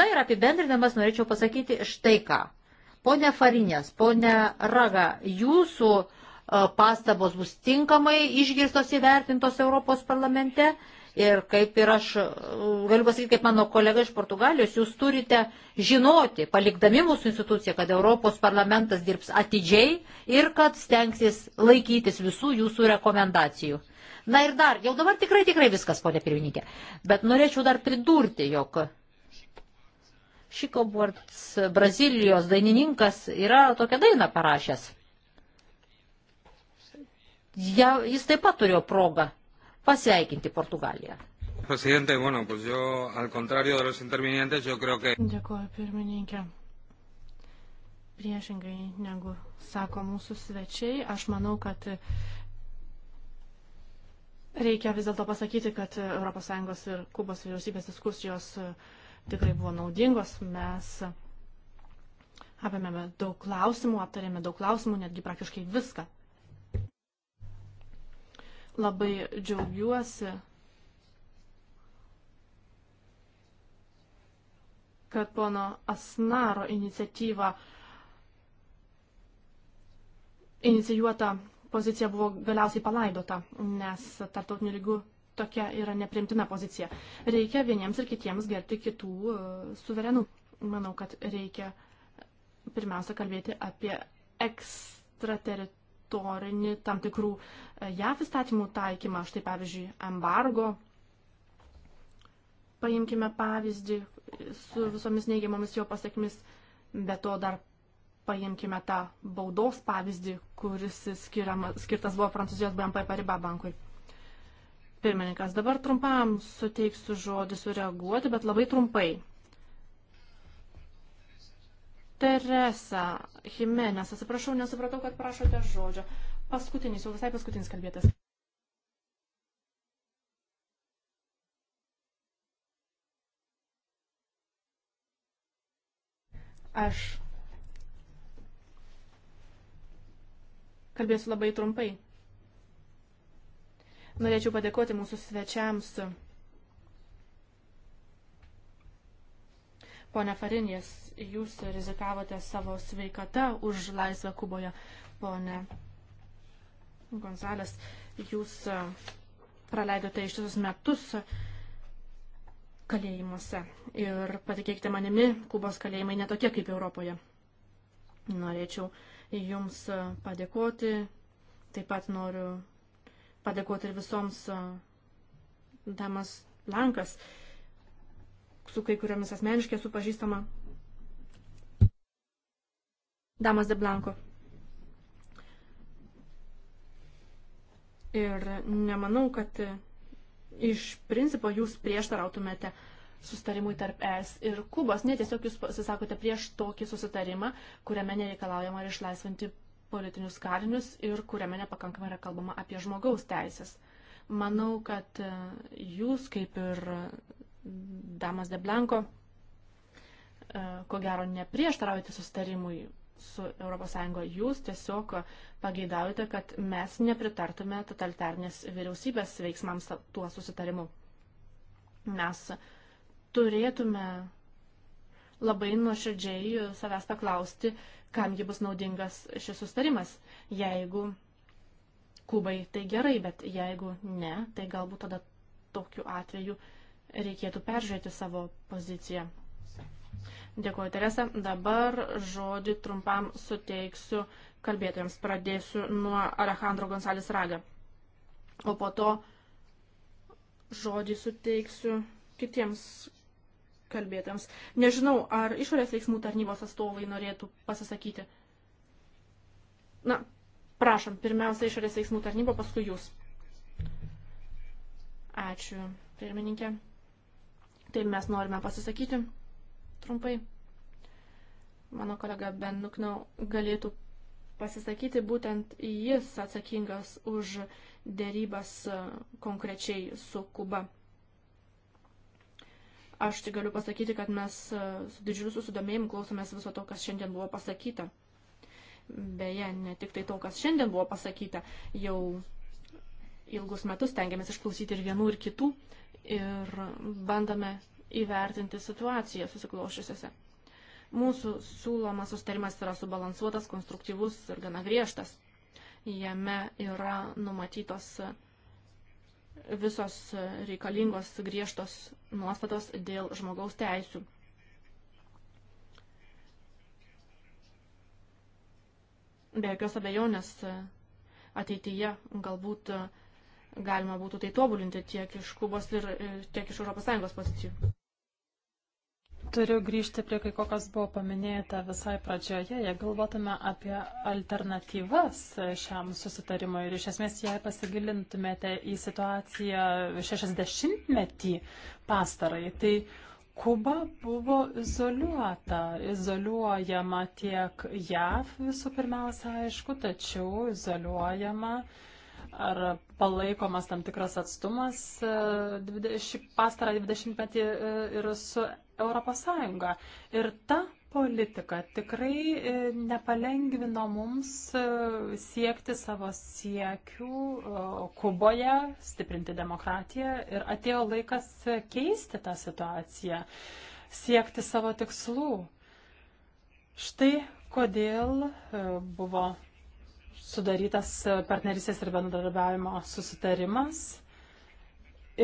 Na ir apibendrinamas norėčiau pasakyti štai ką. Pone Farinės, pone Raga, jūsų uh, pastabos bus tinkamai išgirstos įvertintos Europos parlamente. Ir kaip ir aš, galiu pasakyti, kaip mano kolega iš Portugalijos, jūs turite žinoti, palikdami mūsų instituciją, kad Europos parlamentas dirbs atidžiai ir kad stengsis laikytis visų jūsų rekomendacijų. Na ir dar, jau dabar tikrai, tikrai viskas, ponė pirmininkė. Bet norėčiau dar pridurti, jog Šikoborts, Brazilijos dainininkas, yra tokią dainą parašęs ja, jis taip pat turėjo progą pasveikinti Portugaliją. Presidente, bueno, pues yo, al contrario de los intervinientes, yo creo que... Dėkuoju, pirmininkė. Priešingai negu sako mūsų svečiai, aš manau, kad reikia vis dėlto pasakyti, kad ES ir Kubos vyriausybės diskusijos tikrai buvo naudingos. Mes apėmėme daug klausimų, aptarėme daug klausimų, netgi praktiškai viską Labai džiaugiuosi, kad pono Asnaro iniciatyva inicijuota pozicija buvo galiausiai palaidota, nes tarptautinių lygių tokia yra neprimtina pozicija. Reikia vieniems ir kitiems gerbti kitų e, suverenų. Manau, kad reikia pirmiausia kalbėti apie ekstrateritoriją torinį tam tikrų e, JAF įstatymų taikymą, štai pavyzdžiui, embargo. Paimkime pavyzdį su visomis neigiamomis jo pasiekmis, bet to dar paimkime tą baudos pavyzdį, kuris skiriama, skirtas buvo Prancūzijos BMP Pariba bankui. Pirmininkas, dabar trumpam suteiksiu žodį sureaguoti, bet labai trumpai. Teresa Jimenez, atsiprašau, nesupratau, kad prašote žodžio. Paskutinis, jau visai paskutinis kalbėtas. aš kalbėsiu labai trumpai. Norėčiau padėkoti mūsų svečiams Pone Farinės, jūs rizikavote savo sveikatą už laisvę Kuboje. Pone Gonzalės, jūs praleidote ištisus metus kalėjimuose. Ir patikėkite manimi, Kubos kalėjimai netokie kaip Europoje. Norėčiau Jums padėkoti. Taip pat noriu padėkoti ir visoms damas Lankas su kai kuriomis asmeniškai esu pažįstama. Damas de Blanco. Ir nemanau, kad iš principo jūs prieštarautumėte sustarimui tarp ES ir Kubos. Ne, tiesiog jūs pasisakote prieš tokį susitarimą, kuriame nereikalaujama išlaisvinti politinius karinius ir kuriame nepakankamai yra kalbama apie žmogaus teisės. Manau, kad jūs kaip ir Damas de Blanco, e, ko gero, neprieštaraujate sustarimui su ES, jūs tiesiog pageidaujate, kad mes nepritartume totalitarnės vyriausybės veiksmams tuo susitarimu. Mes turėtume labai nuoširdžiai savęs paklausti, kam ji bus naudingas šis sustarimas. Jeigu Kubai tai gerai, bet jeigu ne, tai galbūt tada tokiu atveju uh, reikėtų peržiūrėti savo poziciją. Dėkuoju, Teresa. Dabar žodį trumpam suteiksiu kalbėtojams. Pradėsiu nuo Alejandro Gonzalės Raga. O po to žodį suteiksiu kitiems kalbėtojams. Nežinau, ar išorės veiksmų tarnybos atstovai norėtų pasisakyti. Na, prašom, pirmiausia išorės veiksmų tarnyba, paskui jūs. Ačiū, pirmininkė tai mes norime pasisakyti trumpai. Mano kolega Ben Nuknau galėtų pasisakyti, būtent jis atsakingas už dėrybas konkrečiai su Kuba. Aš tik galiu pasakyti, kad mes su didžiuliu susidomėjimu klausomės viso to, kas šiandien buvo pasakyta. Beje, ne tik tai to, kas šiandien buvo pasakyta, jau ilgus metus tengiamės išklausyti ir vienų, ir kitų ir bandome įvertinti situaciją susikloščiusiuose. Mūsų siūlomas sustarimas yra subalansuotas, konstruktyvus ir gana griežtas. Jame yra numatytos visos reikalingos griežtos nuostatos dėl žmogaus teisių. Be jokios abejonės ateityje galbūt galima būtų tai tobulinti tiek iš Kubos ir e, tiek iš ES pozicijų. Turiu grįžti prie kai kokios buvo paminėta visai pradžioje. Jei galvotume apie alternatyvas šiam susitarimui ir iš esmės jei pasigilintumėte į situaciją 60-metį pastarai, tai Kuba buvo izoliuota, izoliuojama tiek JAV visų pirmiausia, aišku, tačiau izoliuojama uh, ar palaikomas tam tikras atstumas e, pastarą 20 metį e, ir su Europos Sąjunga. Ir ta politika tikrai e, nepalengvino mums siekti savo siekių Kuboje, stiprinti demokratiją ir atėjo laikas keisti tą situaciją, siekti savo tikslų. Štai kodėl buvo sudarytas partnerysės ir bendradarbiavimo susitarimas.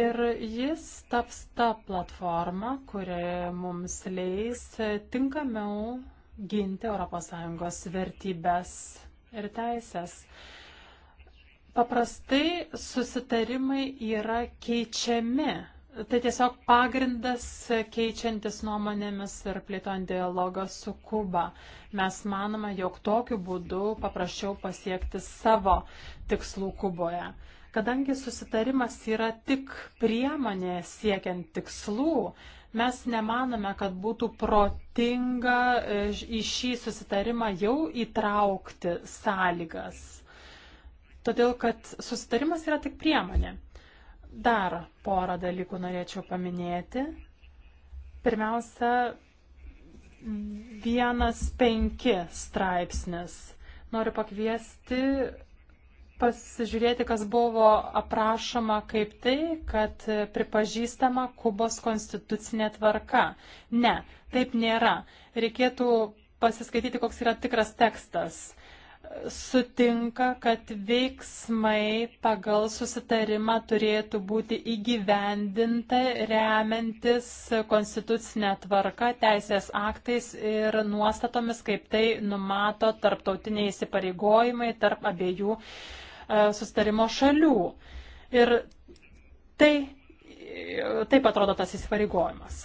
Ir jis taps tą platformą, kuri mums leis tinkamiau ginti ES vertybės ir teisės. Paprastai susitarimai yra keičiami Tai tiesiog pagrindas keičiantis nuomonėmis ir plėtojant dialogą su Kuba. Mes manome, jog tokiu būdu paprasčiau pasiekti savo tikslų Kuboje. Kadangi susitarimas yra tik priemonė siekiant tikslų, mes nemanome, kad būtų protinga e, į šį susitarimą jau įtraukti sąlygas. Todėl, kad susitarimas yra tik priemonė. Dar porą dalykų norėčiau paminėti. Pirmiausia, vienas penki straipsnis. Noriu pakviesti pasižiūrėti, kas buvo aprašoma kaip tai, kad pripažįstama Kubos konstitucinė tvarka. Ne, taip nėra. Reikėtų pasiskaityti, koks yra tikras tekstas sutinka, kad veiksmai pagal susitarimą turėtų būti įgyvendinta remiantis konstitucinę tvarką, teisės aktais ir nuostatomis, kaip tai numato tarptautiniai įsipareigojimai tarp abiejų e, susitarimo šalių. Ir tai, taip atrodo tas įsipareigojimas.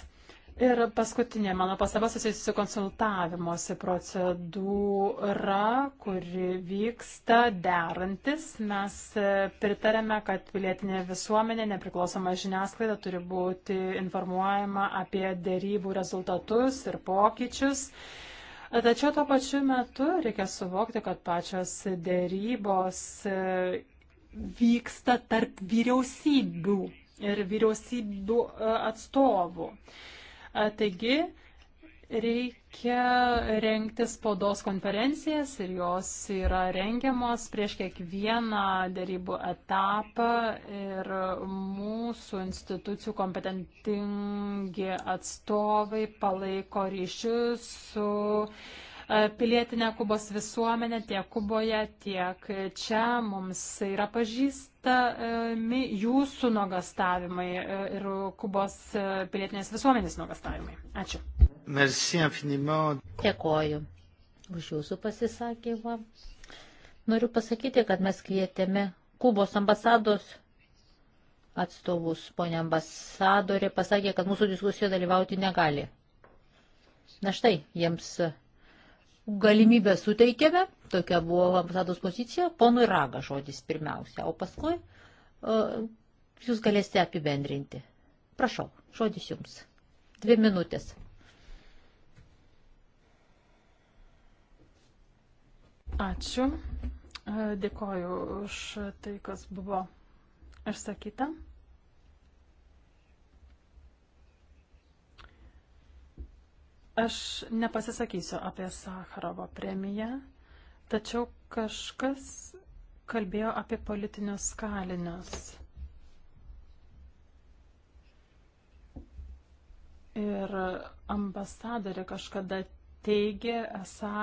Ir paskutinė mano pasaba susijusi su konsultavimuose procedūra, kuri vyksta derantis. Mes pritarėme, kad pilietinė visuomenė, nepriklausoma žiniasklaida turi būti informuojama apie dėrybų rezultatus ir pokyčius. Tačiau tuo pačiu metu reikia suvokti, kad pačios dėrybos e, vyksta tarp vyriausybių ir vyriausybių e, atstovų. Uh, Taigi reikia rengti spaudos konferencijas ir jos yra rengiamos prieš kiekvieną dėrybų etapą ir mūsų institucijų kompetentingi atstovai palaiko ryšius su pilietinė Kubos visuomenė tiek Kuboje, tiek čia mums yra pažįst suprantami jūsų nuogastavimai e, ir Kubos e, pilietinės visuomenės nuogastavimai. Ačiū. Merci infiniment. Dėkoju už jūsų pasisakymą. Noriu pasakyti, kad mes kvietėme Kubos ambasados atstovus. Pone ambasadorė pasakė, kad mūsų diskusijoje dalyvauti negali. Na štai, jiems galimybę suteikėme, tokia buvo ambasados pozicija, ponui Raga žodis pirmiausia, o paskui uh, jūs galėsite apibendrinti. Prašau, žodis jums. Dvi minutės. Ačiū. E, dėkoju už tai, kas buvo išsakyta. Aš nepasisakysiu apie Sakarovo premiją, tačiau kažkas kalbėjo apie politinius kalinius. Ir ambasadorė kažkada teigė, esą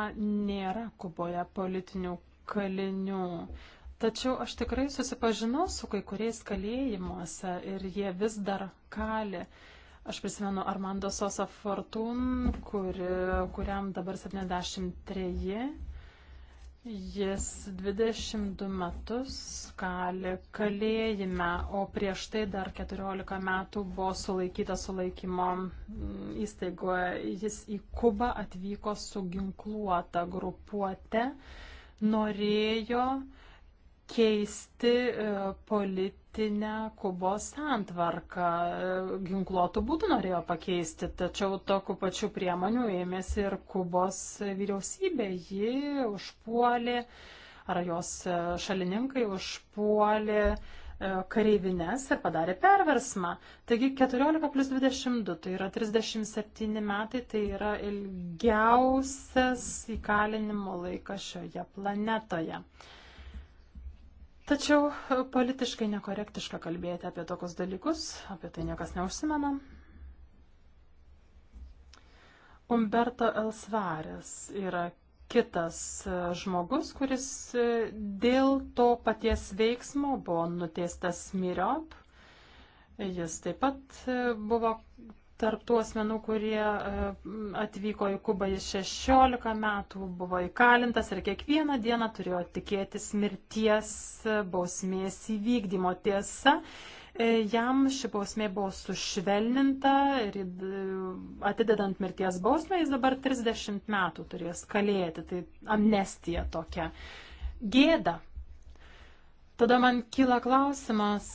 nėra Kuboje politinių kalinių. Tačiau aš tikrai susipažinau su kai kuriais kalėjimuose ir jie vis dar kali. Uh, Aš prisimenu Armando Sosa Fortun, kuri, kuriam dabar 73. Jis 22 metus kali kalėjime, o prieš tai dar 14 metų buvo sulaikytas sulaikymo mm, įstaigoje. Jis į Kubą atvyko su ginkluota grupuote, norėjo keisti e, politiką dabartinę Kubos santvarką ginkluotų būdų norėjo pakeisti, tačiau tokiu pačiu priemonių ėmėsi ir Kubos vyriausybė. Ji užpuolė, ar jos šalininkai užpuolė e, kareivines ir padarė perversmą. Taigi 14 plus 22, tai yra 37 metai, tai yra ilgiausias įkalinimo laikas šioje planetoje. Tačiau e, politiškai nekorektiška kalbėti apie tokius dalykus, apie tai niekas neužsimena. Umberto Elsvarės yra kitas e, žmogus, kuris e, dėl to paties veiksmo buvo nuteistas myriop. Jis taip pat buvo tarp tų asmenų, kurie e, atvyko į Kubą, jis 16 metų buvo įkalintas ir kiekvieną dieną turėjo tikėtis mirties e, bausmės įvykdymo tiesa. E, jam ši bausmė buvo sušvelninta ir atidedant mirties bausmę jis dabar 30 metų turės kalėti. Tai amnestija tokia. Gėda. Tada man kyla klausimas,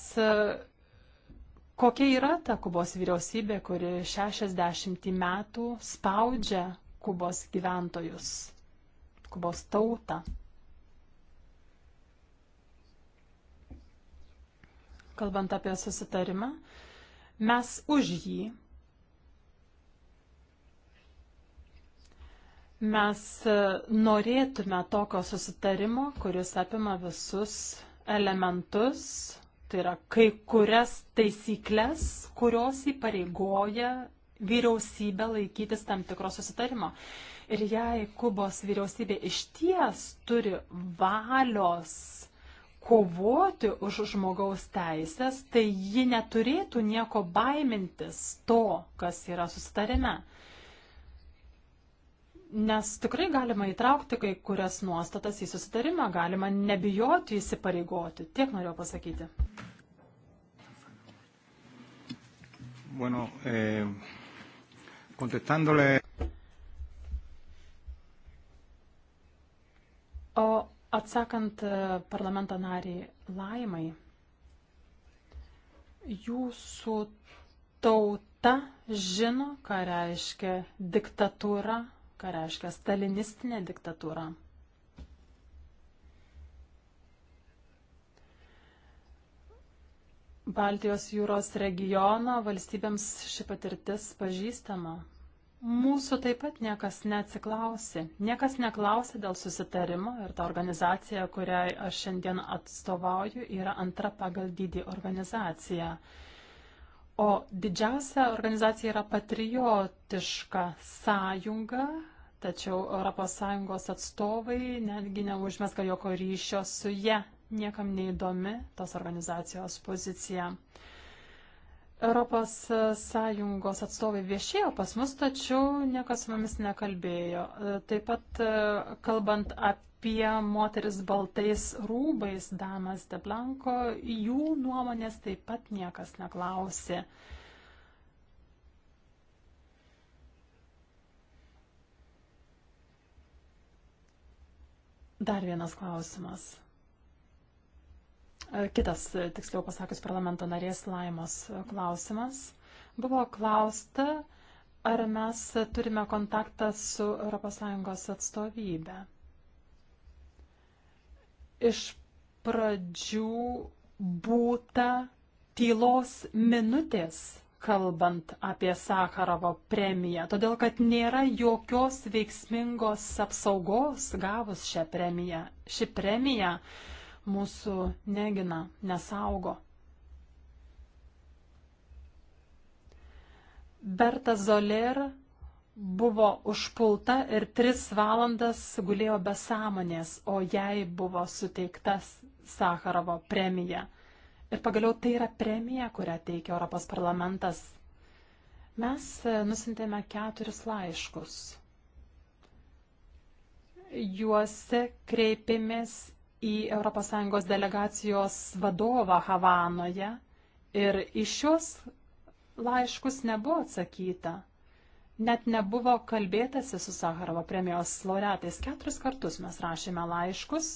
Kokia yra ta Kubos vyriausybė, kuri 60 metų spaudžia Kubos gyventojus, Kubos tautą? Kalbant apie susitarimą, mes už jį Mes norėtume tokio susitarimo, kuris apima visus elementus, Tai yra kai kurias taisyklės, kurios įpareigoja vyriausybę laikytis tam tikro susitarimo. Ir jei Kubos vyriausybė iš ties turi valios kovoti už žmogaus teisės, tai ji neturėtų nieko baimintis to, kas yra sustarime. Nes tikrai galima įtraukti kai kurias nuostatas į susitarimą, galima nebijoti įsipareigoti. Tiek norėjau pasakyti. Bueno, eh, contestándole... O atsakant e, parlamento nariai Laimai, jūsų tauta žino, ką reiškia diktatūra ką reiškia stalinistinė diktatūra. Baltijos jūros regioną valstybėms ši patirtis pažįstama. Mūsų taip pat niekas neatsiklausė. Niekas neklausė dėl susitarimo ir ta organizacija, kuriai aš šiandien atstovauju, yra antra pagal dydį organizacija. O didžiausia organizacija yra patriotiška sąjunga, tačiau ES atstovai netgi neužmeska jokio ryšio su ja, niekam neįdomi tos organizacijos pozicija. Europos Sąjungos atstovai viešėjo pas mus, tačiau niekas su mumis nekalbėjo. Taip pat e, kalbant apie apie moteris baltais rūbais, damas de blanko, jų nuomonės taip pat niekas neklausė. Dar vienas klausimas. E, kitas, e, tiksliau pasakius, parlamento narės Laimos klausimas. Buvo klausta, ar mes turime kontaktą su ES atstovybė iš pradžių būta tylos minutės, kalbant apie Sakarovo premiją, todėl kad nėra jokios veiksmingos apsaugos gavus šią premiją. Ši premija mūsų negina, nesaugo. Berta Zoler buvo užpulta ir tris valandas gulėjo be sąmonės, o jai buvo suteikta Sakarovo premija. Ir pagaliau tai yra premija, kurią teikia Europos parlamentas. Mes e, nusintėme keturis laiškus. Juose kreipėmės į ES delegacijos vadovą Havanoje ir iš šios laiškus nebuvo atsakyta net nebuvo kalbėtasi su Sakarovo premijos laureatais. Keturis kartus mes rašėme laiškus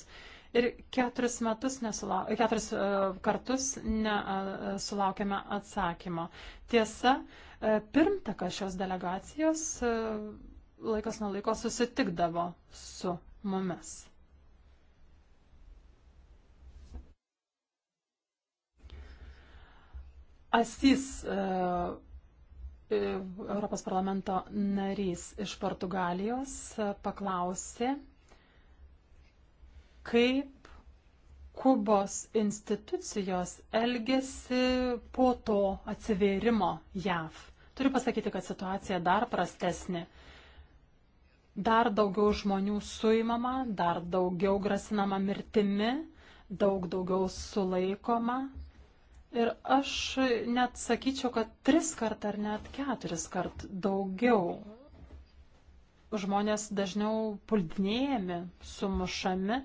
ir keturis, metus nesula... keturis e, kartus nesulaukėme e, atsakymo. Tiesa, e, pirmtaka šios delegacijos laikas nuo laiko susitikdavo su mumis. Asys uh, E, Europos parlamento narys iš Portugalijos e, paklausė, kaip Kubos institucijos elgesi po to atsivėrimo JAV. Turiu pasakyti, kad situacija dar prastesnė dar daugiau žmonių suimama, dar daugiau grasinama mirtimi, daug daugiau sulaikoma, Ir aš net sakyčiau, kad tris kart ar net keturis kart daugiau žmonės dažniau puldinėjami, sumušami.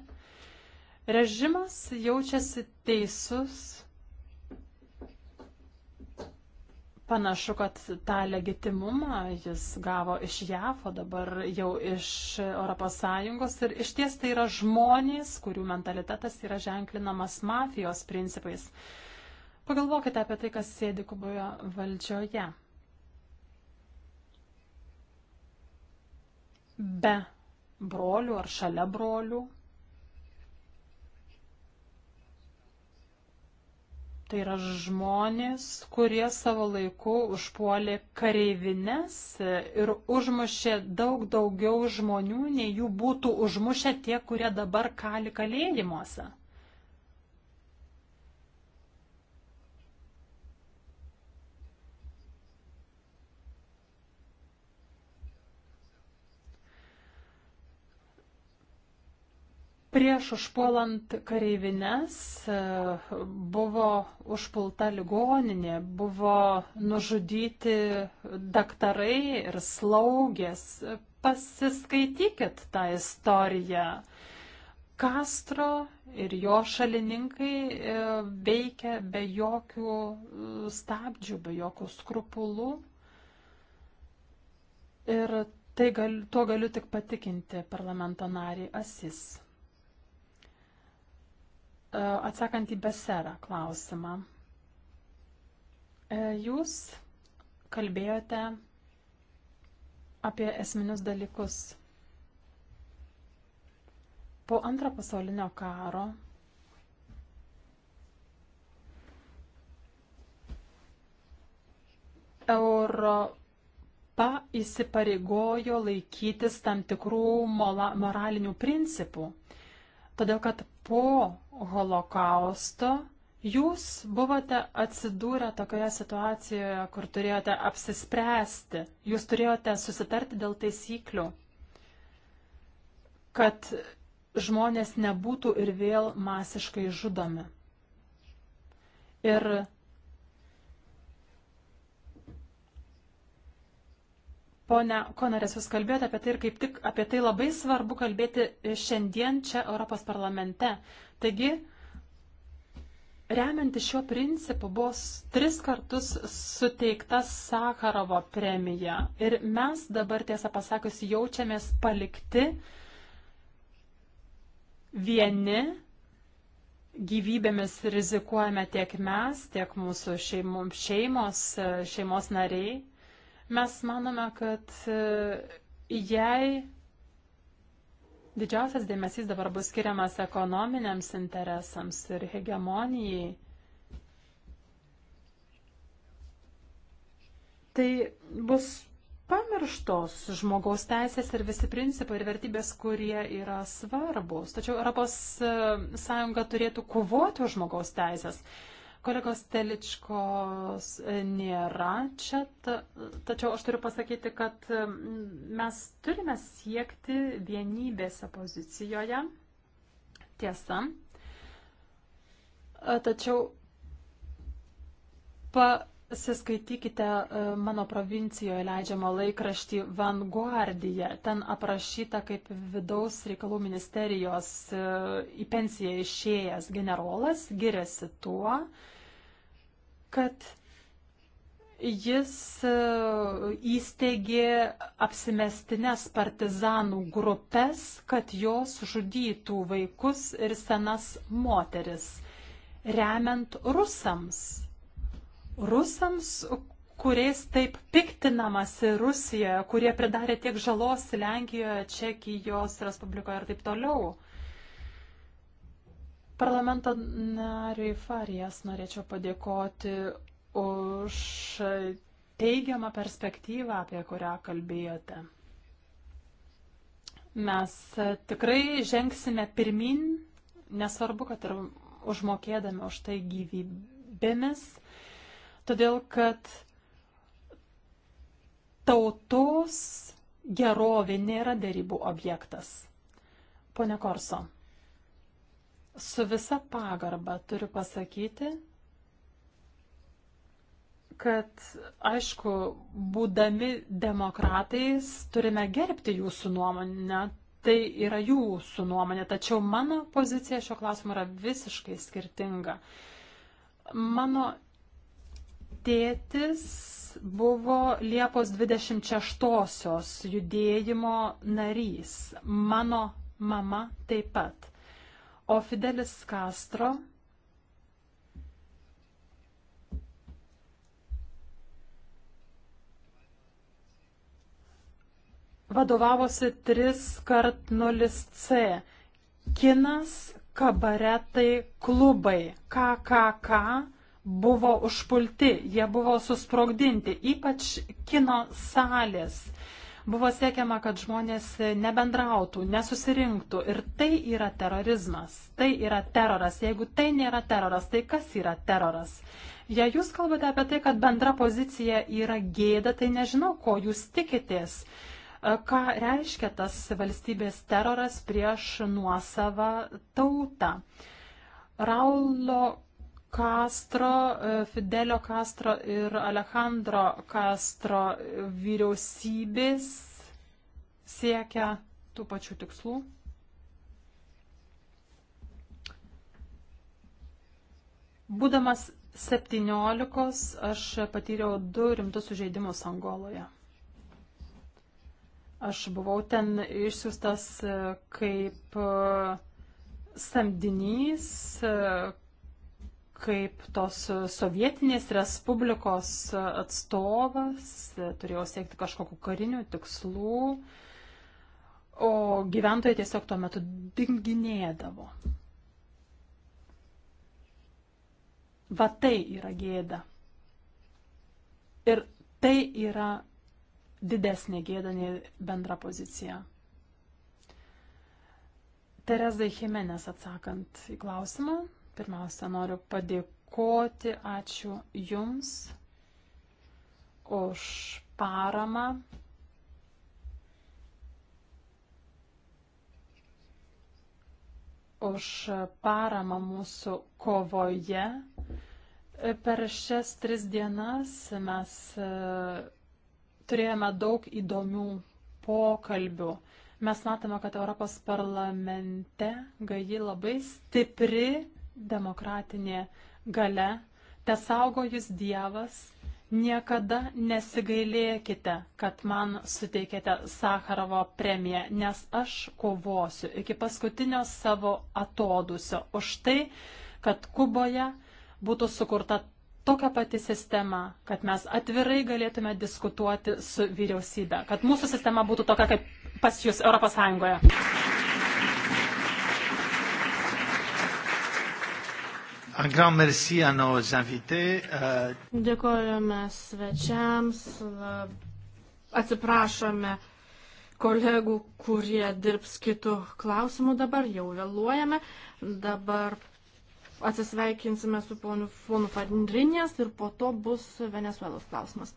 Režimas jaučiasi teisus. Panašu, kad tą legitimumą jis gavo iš JAF, o dabar jau iš ES. Ir iš ties tai yra žmonės, kurių mentalitetas yra ženklinamas mafijos principais. Pagalvokite apie tai, kas sėdi Kuboje valdžioje. Be brolių ar šalia brolių. Tai yra žmonės, kurie savo laiku užpuolė kareivines ir užmušė daug daugiau žmonių, nei jų būtų užmušę tie, kurie dabar kali kalėjimuose. Prieš užpuolant kareivines e, buvo užpulta ligoninė, buvo nužudyti daktarai ir slaugės. Pasiskaitykit tą istoriją. Kastro ir jo šalininkai e, veikia be jokių e, stabdžių, be jokių skrupulų. Ir tai gal, tuo galiu tik patikinti parlamento narį Asis. E, atsakant į beserą klausimą. E, jūs kalbėjote apie esminius dalykus. Po antro pasaulinio karo Europa įsipareigojo laikytis tam tikrų moralinių principų todėl kad po holokausto jūs buvote atsidūrę tokioje situacijoje, kur turėjote apsispręsti, jūs turėjote susitarti dėl taisyklių, kad žmonės nebūtų ir vėl masiškai žudomi. Ir Pone Konarės, jūs kalbėjote apie tai ir kaip tik apie tai labai svarbu kalbėti šiandien čia Europos parlamente. Taigi, remianti šiuo principu buvo tris kartus suteikta Sakarovo premija. Ir mes dabar, tiesą pasakius, jaučiamės palikti vieni, gyvybėmis rizikuojame tiek mes, tiek mūsų šeimos, šeimos nariai. Mes manome, kad e, jei didžiausias dėmesys dabar bus skiriamas ekonominiams interesams ir hegemonijai, tai bus pamirštos žmogaus teisės ir visi principai ir vertybės, kurie yra svarbus. Tačiau ES e, turėtų kovoti už žmogaus teisės. Kolegos Teličkos nėra čia, ta, tačiau aš turiu pasakyti, kad mes turime siekti vienybės opozicijoje. Tiesa. Tačiau pasiskaitykite mano provincijoje leidžiamą laikraštį Vanguardiją. Ten aprašyta, kaip vidaus reikalų ministerijos į pensiją išėjęs generolas giriasi tuo, kad jis e, įsteigė apsimestinės partizanų grupės, kad jos žudytų vaikus ir senas moteris, remiant rusams. Rusams, kuriais taip piktinamasi Rusijoje, kurie pridarė tiek žalos Lenkijoje, Čekijos Respublikoje ir taip toliau. Parlamento nariui Farijas norėčiau padėkoti už teigiamą perspektyvą, apie kurią kalbėjote. Mes tikrai žengsime pirmin, nesvarbu, kad ir užmokėdami už tai gyvybėmis, todėl kad tautos gerovė nėra darybų objektas. Pone Korso. Su visa pagarba turiu pasakyti, kad, aišku, būdami demokratais turime gerbti jūsų nuomonę, tai yra jūsų nuomonė, tačiau mano pozicija šio klausimo yra visiškai skirtinga. Mano tėtis buvo Liepos 26-osios judėjimo narys, mano mama taip pat. O Fidelis Castro vadovavosi 3x0C. Kinas, kabaretai, klubai, KKK buvo užpulti, jie buvo susprogdinti, ypač kino salės. Buvo siekiama, kad žmonės nebendrautų, nesusirinktų. Ir tai yra terorizmas. Tai yra teroras. Jeigu tai nėra teroras, tai kas yra teroras? Jei jūs kalbate apie tai, kad bendra pozicija yra gėda, tai nežinau, ko jūs tikitės. Ką reiškia tas valstybės teroras prieš nuosavą tautą? Raulo Castro, e, Fidelio Castro ir Alejandro Castro vyriausybės siekia tų pačių tikslų. Būdamas 17 aš patyriau du rimtus sužeidimus Angoloje. Aš buvau ten išsiųstas e, kaip e, samdinys, kaip tos sovietinės respublikos atstovas, turėjau siekti kažkokiu kariniu tikslu, o gyventojai tiesiog tuo metu dinginėdavo. Va tai yra gėda. Ir tai yra didesnė gėda nei bendra pozicija. Terezai Jimenez atsakant į klausimą, Pirmiausia, noriu padėkoti, ačiū Jums už paramą. Už paramą mūsų kovoje. Per šias tris dienas mes e, turėjome daug įdomių pokalbių. Mes matome, kad Europos parlamente gaji labai stipri demokratinė gale, te saugo jūs Dievas, niekada nesigailėkite, kad man suteikėte Sakarovo premiją, nes aš kovosiu iki paskutinio savo atodusio už tai, kad Kuboje būtų sukurta tokia pati sistema, kad mes atvirai galėtume diskutuoti su vyriausybe, kad mūsų sistema būtų tokia kaip pas jūs Europos Sąjungoje. Euh, Dėkojame svečiams, atsiprašome kolegų, kurie dirbs kitų klausimų dabar, jau vėluojame. Dabar atsisveikinsime su ponu Fonu Fadrinės ir po to bus Venezuelos klausimas.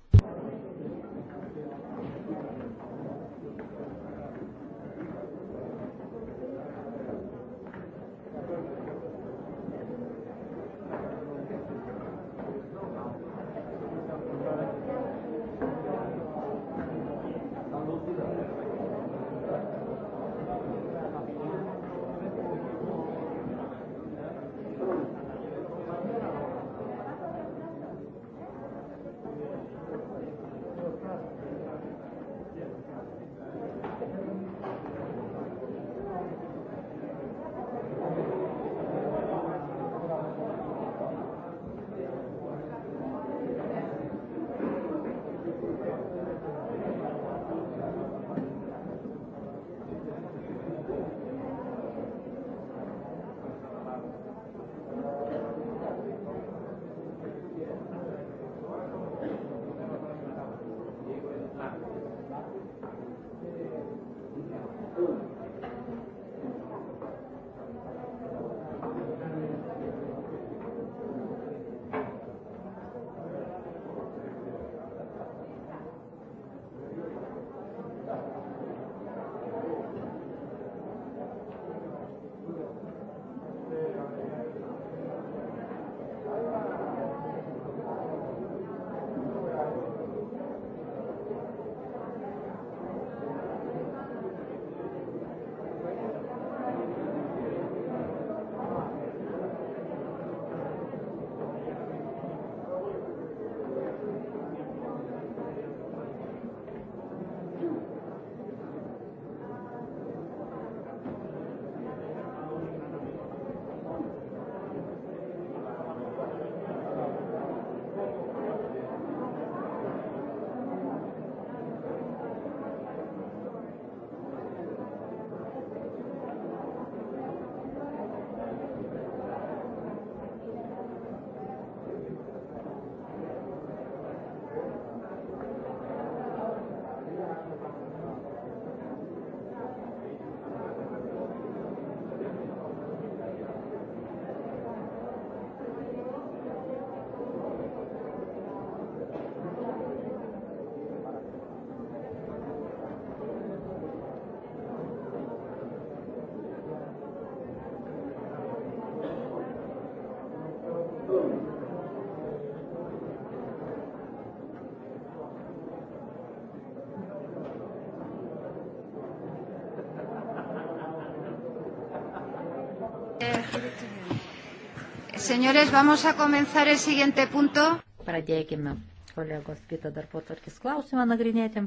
Señores, vamos a comenzar el siguiente punto. Pradėkime, kolegos, kitą darbo tvarkis klausimą nagrinėti.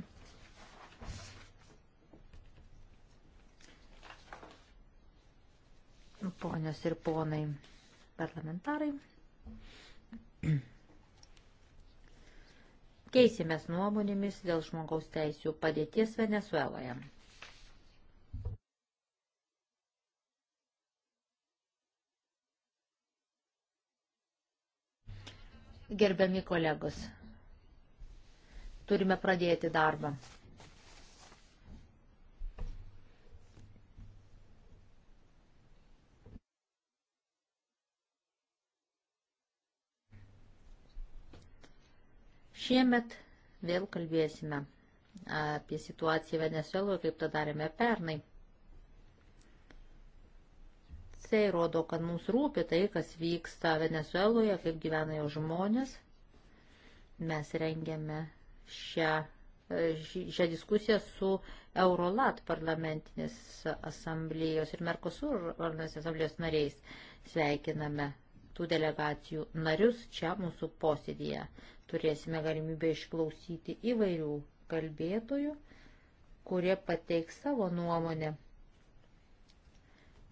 Ponios ir ponai parlamentarai, keisimės nuomonėmis dėl žmogaus teisų padėties Venezueloje. Gerbiami kolegos, turime pradėti darbą. Šiemet vėl kalbėsime apie situaciją Venezueloje, kaip tą darėme pernai kaiminystėje, rodo, kad mums rūpi tai, kas vyksta Venezueloje, kaip gyvena jo žmonės. Mes rengiame šią, e, šią diskusiją su Eurolat parlamentinės asamblėjos ir Mercosur parlamentinės asamblėjos nariais. Sveikiname tų delegacijų narius čia mūsų posėdėje. Turėsime galimybę išklausyti įvairių kalbėtojų, kurie pateiks savo nuomonę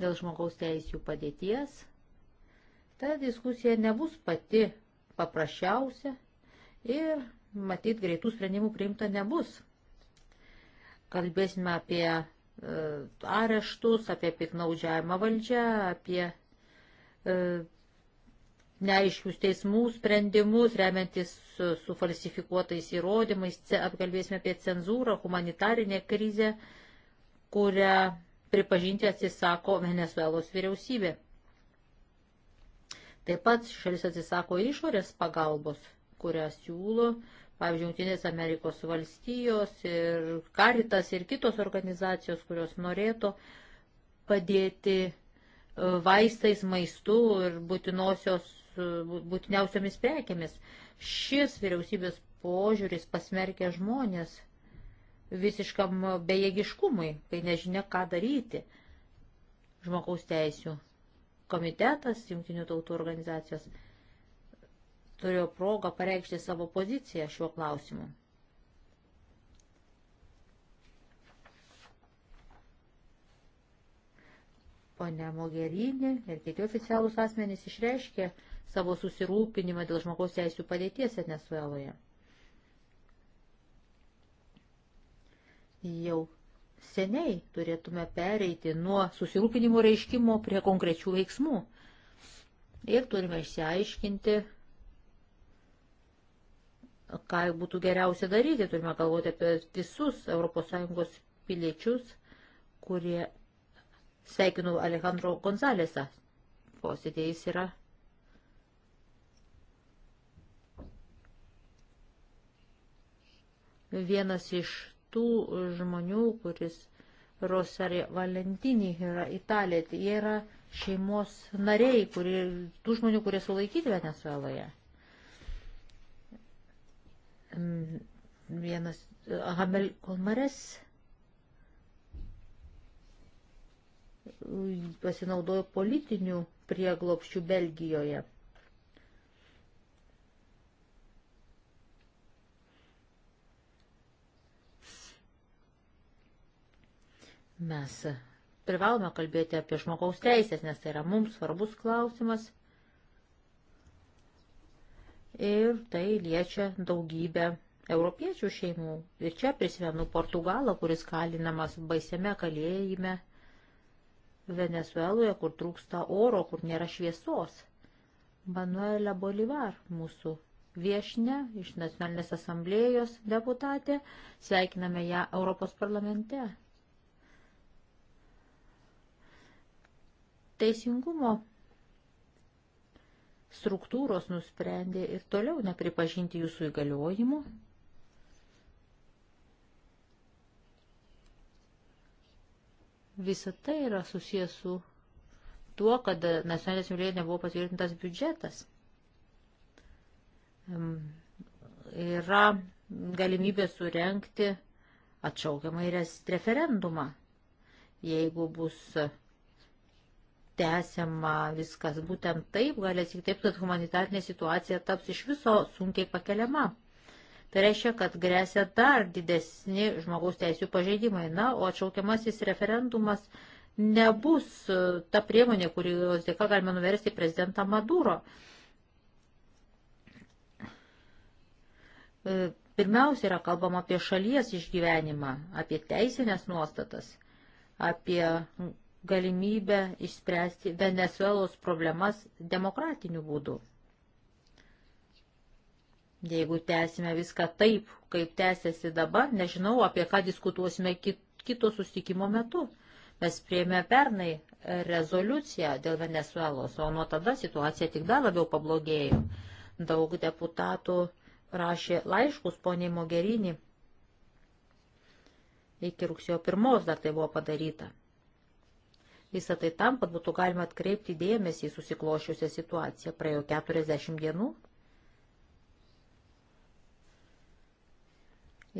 dėl žmogaus teisų padėties. Ta diskusija nebus pati paprasčiausia ir matyt greitų sprendimų priimta nebus. Kalbėsime apie e, areštus, apie piknaudžiavimą valdžią, apie e, neaiškius teismų sprendimus, remiantis su, su falsifikuotais įrodymais, apkalbėsime apie cenzūrą, humanitarinę krizę, kurią pripažinti atsisako Venezuelos vyriausybė. Taip pat šalis atsisako išorės pagalbos, kurią siūlo, pavyzdžiui, Junktinės Amerikos valstijos ir Karitas ir kitos organizacijos, kurios norėtų padėti e, vaistais, maistu ir būtinosios, e, būtiniausiomis prekėmis. Šis vyriausybės požiūris pasmerkia žmonės visiškam bejėgiškumui, kai nežinia, ką daryti. Žmogaus teisų komitetas, jungtinių tautų organizacijos turėjo progą pareikšti savo poziciją šiuo klausimu. Pone Mogerinė ir kiti oficialūs asmenys išreiškė savo susirūpinimą dėl žmogaus teisų padėties Venezueloje. jau seniai turėtume pereiti nuo susirūpinimo reiškimo prie konkrečių veiksmų. Ir turime išsiaiškinti, ką būtų geriausia daryti. Turime galvoti apie visus ES piliečius, kurie sveikinu Alejandro Gonzalesą. Posėdėjais yra. Vienas iš tų žmonių, kuris Rosarė Valentinį yra Italija. Tai jie yra šeimos nariai, kurie, tų žmonių, kurie sulaikyti Venezueloje. Vienas Hamel Kolmares pasinaudojo politinių prieglopščių Belgijoje. Mes privalome kalbėti apie žmogaus teisės, nes tai yra mums svarbus klausimas. Ir tai liečia daugybę europiečių šeimų. Ir čia prisimenu Portugalą, kuris kalinamas baisiame kalėjime Venezueloje, kur trūksta oro, kur nėra šviesos. Manuela Bolivar, mūsų viešne iš Nacionalinės asamblėjos deputatė, sveikiname ją Europos parlamente. Teisingumo struktūros nusprendė ir toliau nepripažinti jūsų įgaliojimų. Visa tai yra susijęs su tuo, kad nacionalinės asamblėje nebuvo patvirtintas biudžetas. Yra galimybė surenkti atšaukiamą referendumą, jeigu bus tęsiama viskas. Būtent taip gali atsitikti taip, kad humanitarinė situacija taps iš viso sunkiai pakeliama. Tai reiškia, kad grėsia dar didesni žmogaus teisų pažeidimai. Na, o atšaukiamasis referendumas nebus e, ta priemonė, kurios dėka galime nuversti prezidentą Maduro. E, pirmiausia yra kalbama apie šalies išgyvenimą, apie teisinės nuostatas, apie galimybę išspręsti Venezuelos problemas demokratiniu būdu. Jeigu tęsime viską taip, kaip tęsiasi dabar, nežinau, apie ką diskutuosime kito sustikimo metu. Mes prieėmė pernai rezoliuciją dėl Venezuelos, o nuo tada situacija tik dar labiau pablogėjo. Daug deputatų rašė laiškus poniai Mogerinį. Iki rugsėjo pirmos dar tai buvo padaryta. Visą tai tam, kad būtų galima atkreipti dėmesį į susiklošiusią situaciją. Praėjo 40 dienų.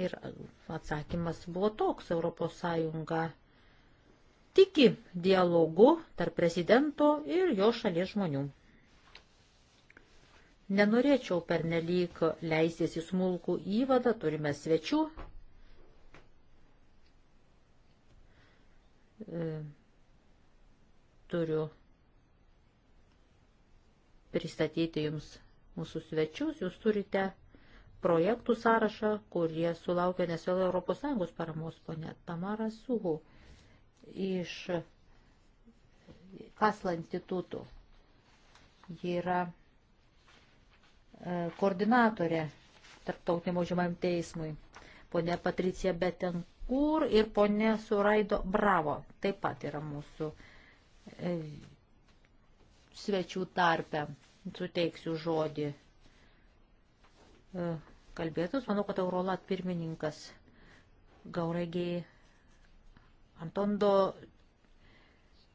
Ir atsakymas buvo toks. Europos Sąjunga tiki dialogu tarp prezidento ir jo šalies žmonių. Nenorėčiau pernelyg leisės į smulkų įvadą, turime svečių. E turiu pristatyti jums mūsų svečius. Jūs turite projektų sąrašą, kurie sulaukia nesvėl ES paramos, ponė Tamara Suhu iš Kasla institutų. Ji yra e, koordinatorė tarptautiniam užimam teismui. Pone Patricija Betenkur ir pone Suraido Bravo taip pat yra mūsų uh, E, svečių tarpę. Suteiksiu žodį e, kalbėtus. Manau, kad Eurolat pirmininkas Gauregiai Antondo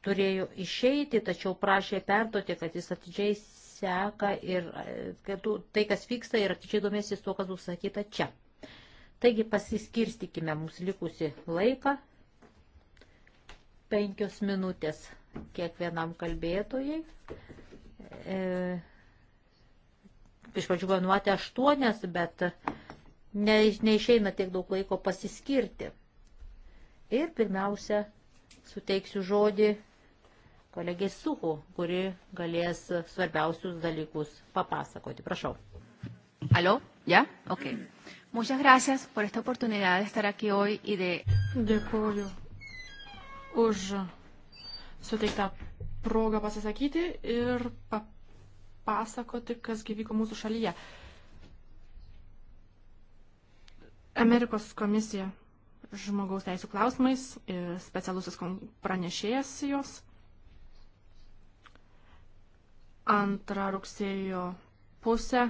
turėjo išeiti, tačiau prašė perduoti, kad jis atidžiai seka ir e, kad tai, kas vyksta, ir atidžiai domėsis tuo, kas bus sakyta čia. Taigi pasiskirstikime mums likusi laiką. Penkios minutės kiekvienam kalbėtojai. E, iš pradžių planuoti aštuonias, bet ne, neišeina tiek daug laiko pasiskirti. Ir pirmiausia, suteiksiu žodį kolegės Suhu, kuri galės svarbiausius dalykus papasakoti. Prašau. Alo, ja? Ok. Muchas gracias por esta oportunidad de estar aquí hoy y de... Dėkuoju už suteiktą progą pasisakyti ir papasakoti, kas gyvyko mūsų šalyje. Amerikos komisija žmogaus teisų klausimais ir specialusis pranešėjas jos. Antrą rugsėjo pusę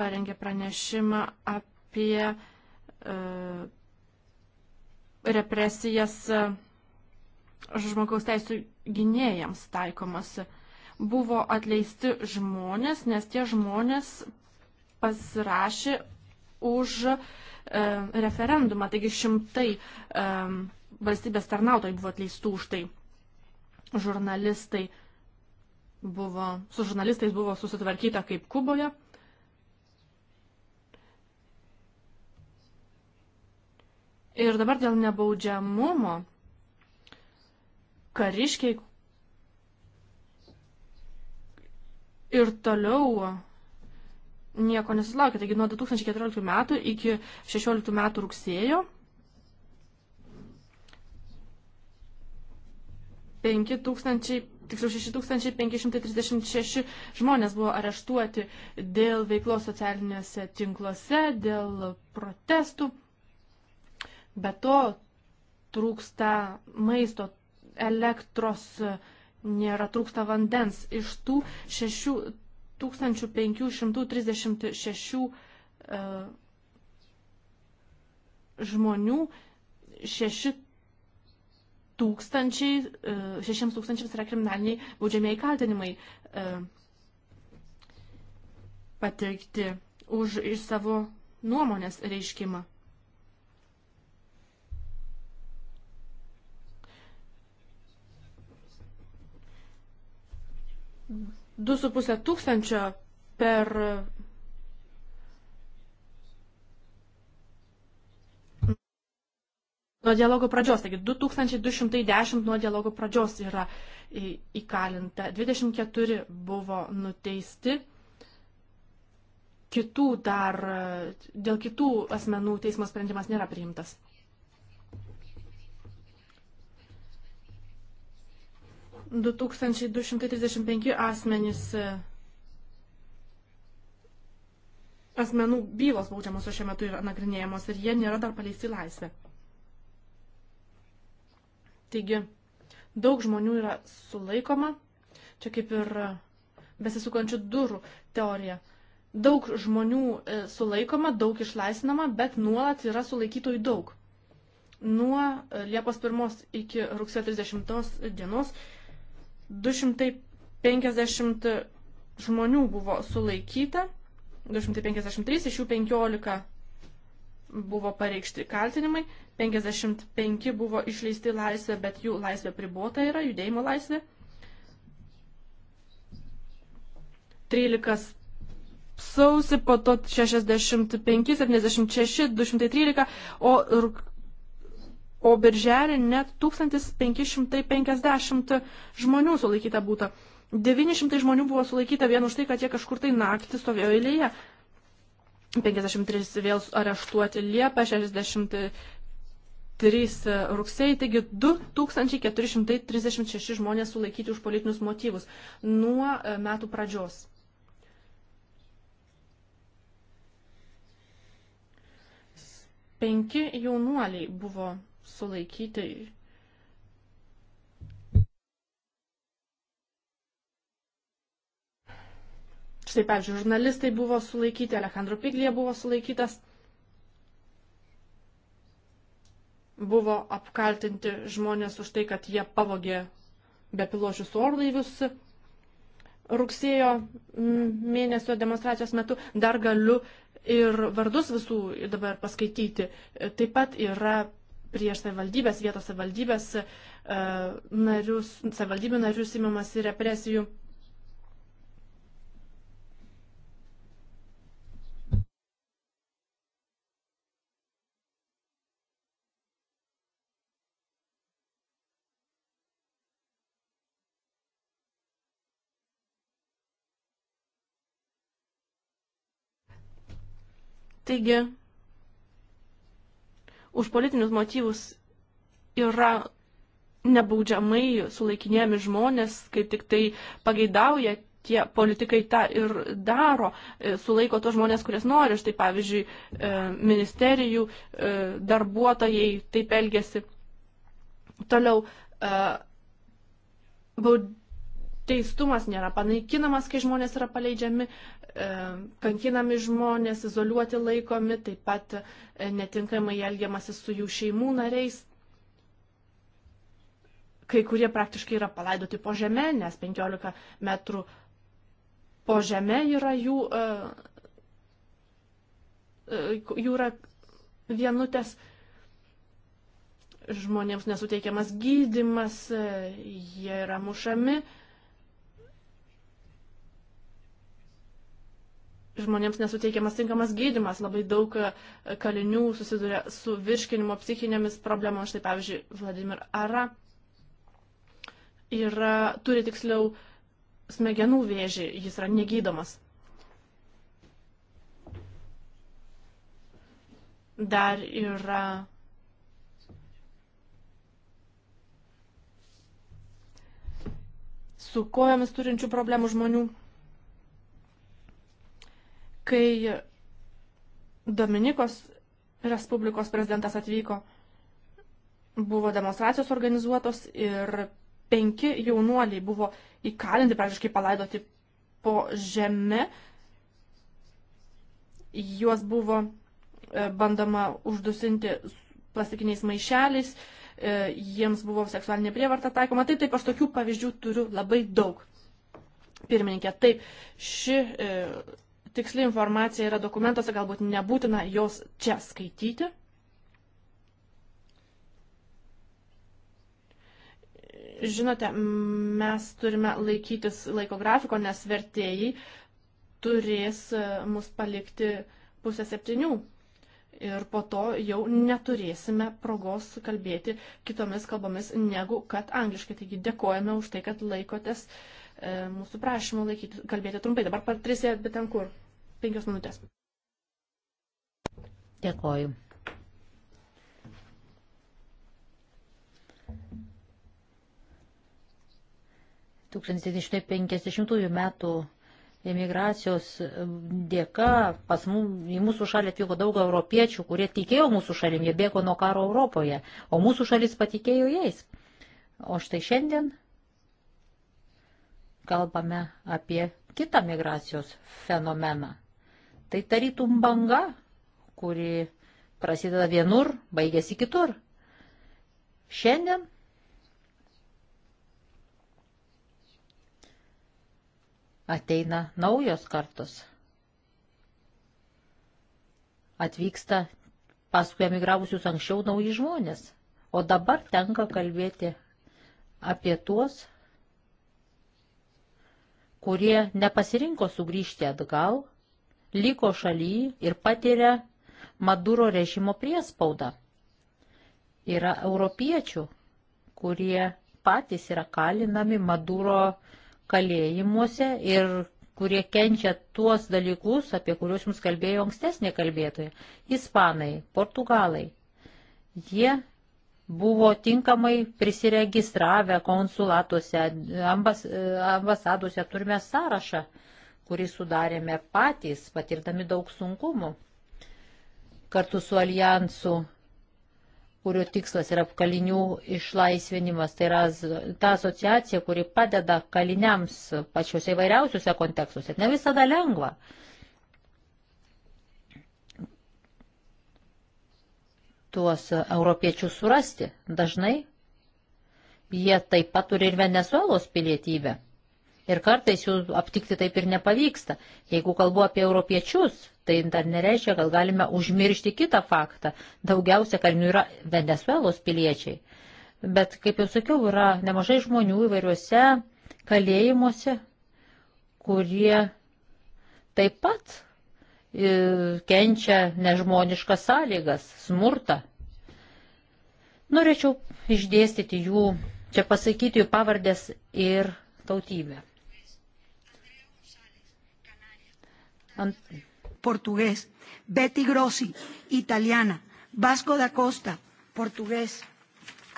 parengė pranešimą apie e, represijas. E, žmogaus teisų gynėjams taikomas. Buvo atleisti žmonės, nes tie žmonės pasirašė už e, referendumą. Taigi šimtai e, valstybės tarnautojai buvo atleistų už tai. Žurnalistai buvo, su žurnalistais buvo susitvarkyta kaip Kuboje. Ir dabar dėl nebaudžiamumo kariškiai ir toliau nieko nesusilaukė. Taigi nuo 2014 metų iki 16 metų rugsėjo 5000, tiksliau 6536 žmonės buvo areštuoti dėl veiklos socialiniuose tinkluose, dėl protestų. Be to trūksta maisto, elektros, nėra trūksta vandens. Iš tų 6536 e, žmonių 6 tūkstančiai, e, 6 tūkstančiams yra kriminaliniai baudžiamieji kaltinimai e, pateikti už iš savo nuomonės reiškimą. 2,5 tūkstančio per nuo dialogo pradžios, taigi 2210 nuo dialogo pradžios yra įkalinta, 24 buvo nuteisti, kitų dar, dėl kitų asmenų teismo sprendimas nėra priimtas. 2235 asmenys asmenų bylos baudžiamos šiuo metu yra nagrinėjamos ir jie nėra dar paleisti laisvę. Taigi, daug žmonių yra sulaikoma, čia kaip ir besisukančių durų teorija. Daug žmonių e, sulaikoma, daug išlaisvinama, bet nuolat yra sulaikytojų daug. Nuo e, Liepos 1 iki rugsėjo 30 dienos 250 žmonių buvo sulaikyta, 253, iš jų 15 buvo pareikšti kaltinimai, 55 buvo išleisti laisvę, bet jų laisvė pribota yra, judėjimo laisvė. 13 sausį, po to 65, 76, 213, o o birželį net 1550 žmonių sulaikyta būtų. 900 žmonių buvo sulaikyta vien už tai, kad jie kažkur tai naktį stovėjo eilėje. 53 vėl areštuoti Liepą, 63 rugsėjai, taigi 2436 žmonės sulaikyti už politinius motyvus nuo e, metų pradžios. Penki jaunuoliai buvo sulaikyti Štai, pavyzdžiui, žurnalistai buvo sulaikyti, Alejandro Piglija buvo sulaikytas, buvo apkaltinti žmonės už tai, kad jie pavogė bepiločius orlaivius rugsėjo mėnesio demonstracijos metu. Dar galiu ir vardus visų dabar paskaityti. Taip pat yra prieš savivaldybės, vietos savivaldybės e, narius, savivaldybių narius įmamasi represijų. Taigi, už politinius motyvus yra nebaudžiamai sulaikinėjami žmonės, kai tik tai pageidauja tie politikai tą ir daro, e, sulaiko tos žmonės, kurias nori, štai pavyzdžiui, e, ministerijų e, darbuotojai taip elgesi. Toliau, baud teistumas nėra panaikinamas, kai žmonės yra paleidžiami, e, kankinami žmonės, izoliuoti laikomi, taip pat e, netinkamai elgiamasi su jų šeimų nariais. Kai kurie praktiškai yra palaidoti po žemę, nes 15 metrų po žemę yra jų, e, jų yra vienutės žmonėms nesuteikiamas gydimas, jie yra mušami, žmonėms nesuteikiamas tinkamas gydimas. Labai daug e, kalinių susiduria su virškinimo psichinėmis problemomis. Štai pavyzdžiui, Vladimir Ara yra, turi tiksliau smegenų vėžį, jis yra negydomas. Dar yra su kojomis turinčių problemų žmonių. Kai Dominikos Respublikos prezidentas atvyko, buvo demonstracijos organizuotos ir penki jaunuoliai buvo įkalinti, praktiškai palaidoti po žeme. Juos buvo e, bandoma uždusinti plastikiniais maišeliais, e, jiems buvo seksualinė prievarta taikoma. Tai taip, aš tokių pavyzdžių turiu labai daug. Pirmininkė, taip, ši e, tiksli informacija yra dokumentuose, galbūt nebūtina jos čia skaityti. Žinote, mes turime laikytis laiko grafiko, nes vertėjai turės e, mus palikti pusę septynių. Ir po to jau neturėsime progos kalbėti kitomis kalbomis negu kad angliškai. Taigi dėkojame už tai, kad laikotės e, mūsų prašymų laikyti, kalbėti trumpai. Dabar Patricija Betankur penkios minutės. Dėkoju. ...1950 metų emigracijos dėka pas mum, į mūsų šalį atvyko daug europiečių, kurie tikėjo mūsų šalim, jie bėgo nuo karo Europoje, o mūsų šalis patikėjo jais. O štai šiandien kalbame apie kitą migracijos fenomeną. Tai tarytum banga, kuri prasideda vienur, baigėsi kitur. Šiandien ateina naujos kartos. Atvyksta paskui emigravusius anksčiau nauji žmonės. O dabar tenka kalbėti apie tuos, kurie nepasirinko sugrįžti atgal liko šaly ir patiria Maduro režimo priespaudą. Yra europiečių, kurie patys yra kalinami Maduro kalėjimuose ir kurie kenčia tuos dalykus, apie kuriuos jums kalbėjo ankstesnė kalbėtoja - ispanai, portugalai. Jie buvo tinkamai prisiregistravę konsulatuose, ambas, ambasaduose turime sąrašą kurį sudarėme patys, patirdami daug sunkumų. Kartu su alijansu, kurio tikslas yra kalinių išlaisvinimas, tai yra ta asociacija, kuri padeda kaliniams pačiuose įvairiausiuose kontekstuose. Ne visada lengva. tuos europiečius surasti. Dažnai jie taip pat turi ir Venezuelos pilietybę. Ir kartais jų aptikti taip ir nepavyksta. Jeigu kalbu apie europiečius, tai dar nereiškia, kad galime užmiršti kitą faktą. Daugiausia kalinių yra Venezuelos piliečiai. Bet, kaip jau sakiau, yra nemažai žmonių įvairiuose kalėjimuose, kurie taip pat e, kenčia nežmoniškas sąlygas, smurtą. Norėčiau išdėstyti jų, čia pasakyti jų pavardės ir tautybę. portugués, Betty Grossi, italiana, Vasco da Costa, portugués,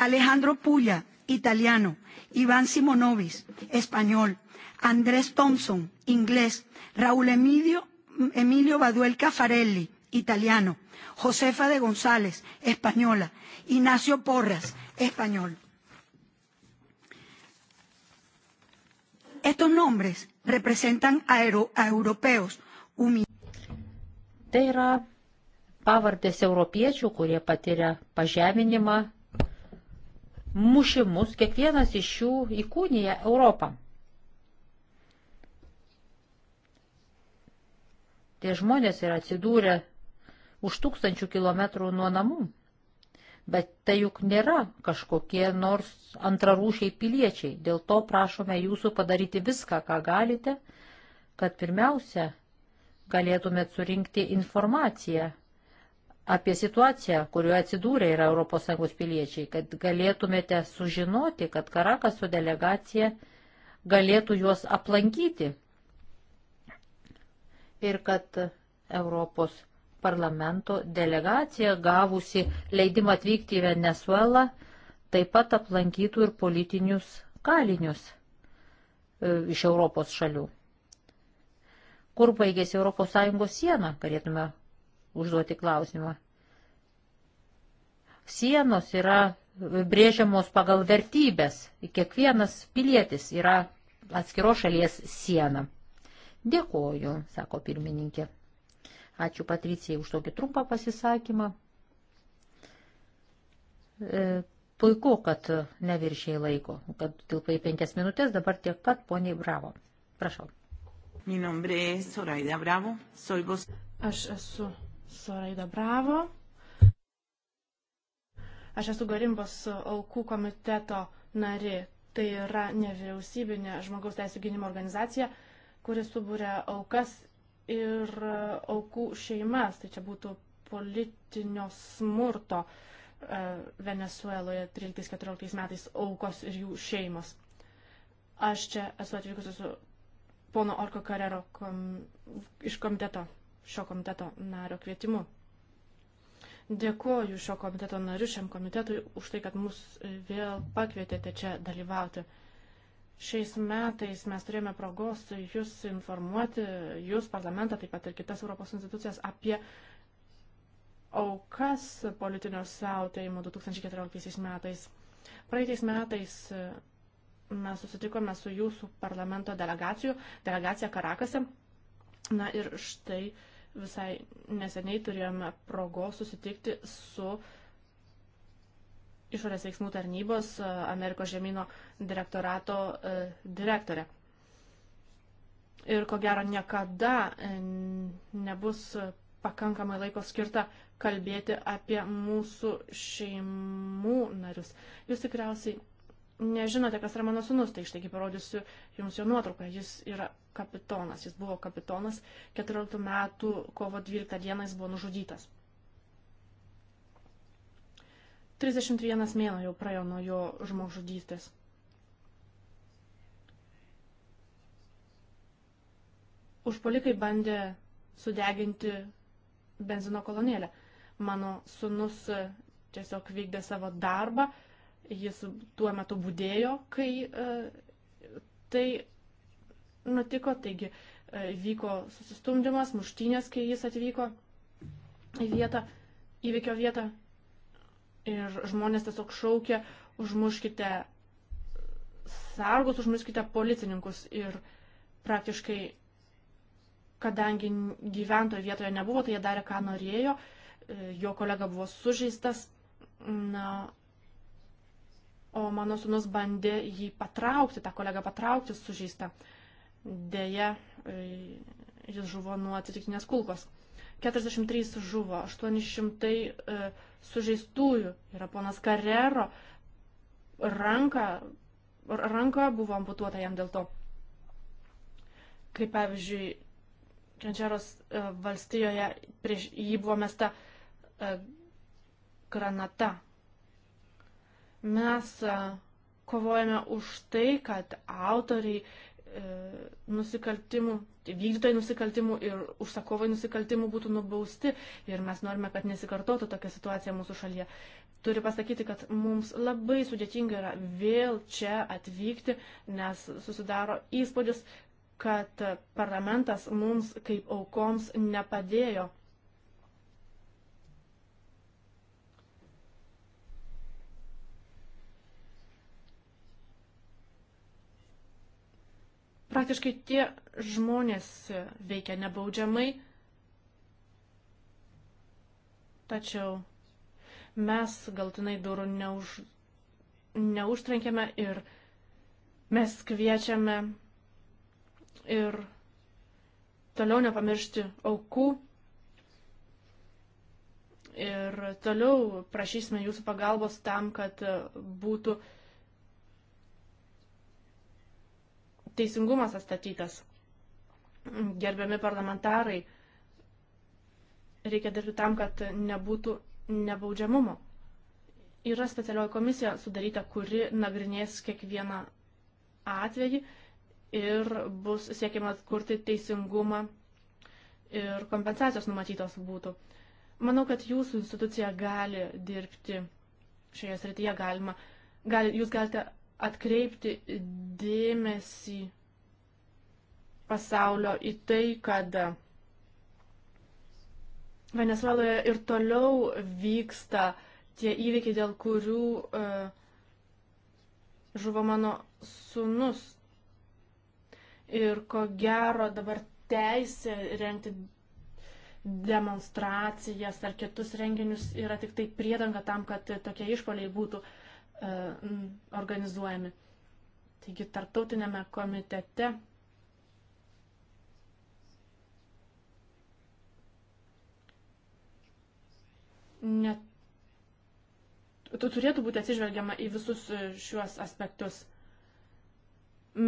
Alejandro Puya, italiano, Iván Simonovis, español, Andrés Thompson, inglés, Raúl Emilio, Emilio Baduel Caffarelli, italiano, Josefa de González, española, Ignacio Porras, español. Estos nombres representan a, a europeos Tai yra pavardės europiečių, kurie patiria pažeminimą, mušimus, kiekvienas iš jų įkūnyja Europą. Tie žmonės yra atsidūrę už tūkstančių kilometrų nuo namų, bet tai juk nėra kažkokie nors antrarūšiai piliečiai, dėl to prašome jūsų padaryti viską, ką galite, kad pirmiausia – galėtumėt surinkti informaciją apie situaciją, kurioje atsidūrė yra ES piliečiai, kad galėtumėte sužinoti, kad Karakaso delegacija galėtų juos aplankyti ir kad Europos parlamento delegacija, gavusi leidimą atvykti į Venezuelą, taip pat aplankytų ir politinius kalinius e, iš Europos šalių. Kur baigėsi ES siena, galėtume užduoti klausimą. Sienos yra brėžiamos pagal vertybės. Kiekvienas pilietis yra atskiro šalies siena. Dėkoju, sako pirmininkė. Ačiū Patricijai už tokį trumpą pasisakymą. E, puiku, kad neviršiai laiko, kad tilpai penkias minutės, dabar tiek pat poniai bravo. Prašau. Mi nombre es Soraida Bravo, soy vos. Aš esu Soraida Bravo. Aš esu Garimbos aukų komiteto nari. Tai yra nevyriausybinė žmogaus teisų gynimo organizacija, kuris subūrė aukas ir aukų šeimas. Tai čia būtų politinio smurto e, Venezueloje 13-14 metais aukos ir jų šeimos. Aš čia esu atvykusi su pono Orko Karero kom, iš komiteto, šio komiteto nario kvietimu. Dėkuoju šio komiteto nariu, šiam komitetui už tai, kad mus vėl pakvietėte čia dalyvauti. Šiais metais mes turėjome progos jūs informuoti, jūs parlamentą, taip pat ir kitas Europos institucijas apie aukas politinio siautėjimo 2014 metais. Praeitais metais mes susitikome su jūsų parlamento delegacijų, delegacija Karakase. Na ir štai visai neseniai turėjome progos susitikti su išorės veiksmų tarnybos e, Amerikos žemynų direktorato e, direktorė. Ir ko gero niekada e, nebus pakankamai laiko skirta kalbėti apie mūsų šeimų narius. Jūs tikriausiai nežinote, kas yra mano sunus, tai štai kaip parodysiu jums jo nuotrauką. Jis yra kapitonas, jis buvo kapitonas, 14 metų kovo 12 dieną jis buvo nužudytas. 31 mėno jau praėjo nuo jo žmogžudystės. Užpolikai bandė sudeginti benzino kolonėlę. Mano sunus tiesiog vykdė savo darbą, Jis tuo metu būdėjo, kai e, tai nutiko, taigi e, vyko susistumdymas, muštynės, kai jis atvyko į vietą, įvykio vietą. Ir žmonės tiesiog šaukė, užmuškite sargus, užmuškite policininkus. Ir praktiškai, kadangi gyventojo vietoje nebuvo, tai jie darė, ką norėjo. E, jo kolega buvo sužeistas. Na, o mano sunus bandė jį patraukti, tą kolegą patraukti sužeistą. Deja, e, jis žuvo nuo atsitiktinės kulkos. 43 žuvo, 800 e, sužeistųjų. Yra ponas Karero, ranka, ranka buvo amputuota jam dėl to. Kaip pavyzdžiui, Kančeros e, valstijoje prieš jį buvo mesta e, granata Mes e, kovojame už tai, kad autoriai e, nusikaltimų, tai vykdytojai nusikaltimų ir užsakovai nusikaltimų būtų nubausti ir mes norime, kad nesikartotų tokia situacija mūsų šalyje. Turiu pasakyti, kad mums labai sudėtinga yra vėl čia atvykti, nes susidaro įspūdis, kad parlamentas mums kaip aukoms nepadėjo. Praktiškai tie žmonės veikia nebaudžiamai, tačiau mes galtinai durų neuž, neužtrenkėme ir mes kviečiame ir toliau nepamiršti aukų ir toliau prašysime jūsų pagalbos tam, kad būtų uh, teisingumas atstatytas. Gerbiami parlamentarai, reikia dirbti tam, kad nebūtų nebaudžiamumo. Yra specialioji komisija sudaryta, kuri nagrinės kiekvieną atvejį ir bus siekiama atkurti teisingumą ir kompensacijos numatytos būtų. Manau, kad jūsų institucija gali dirbti šioje srityje, galima, gali, jūs galite atkreipti dėmesį pasaulio į tai, kad Venezueloje ir toliau vyksta tie įvykiai, dėl kurių uh, žuvo mano sunus. Ir ko gero dabar teisė rengti demonstracijas ar kitus renginius yra tik tai priedanga tam, kad tokie išpoliai būtų uh, E, organizuojami. Taigi tarptautinėme komitete net tu turėtų būti atsižvelgiama į visus e, šiuos aspektus.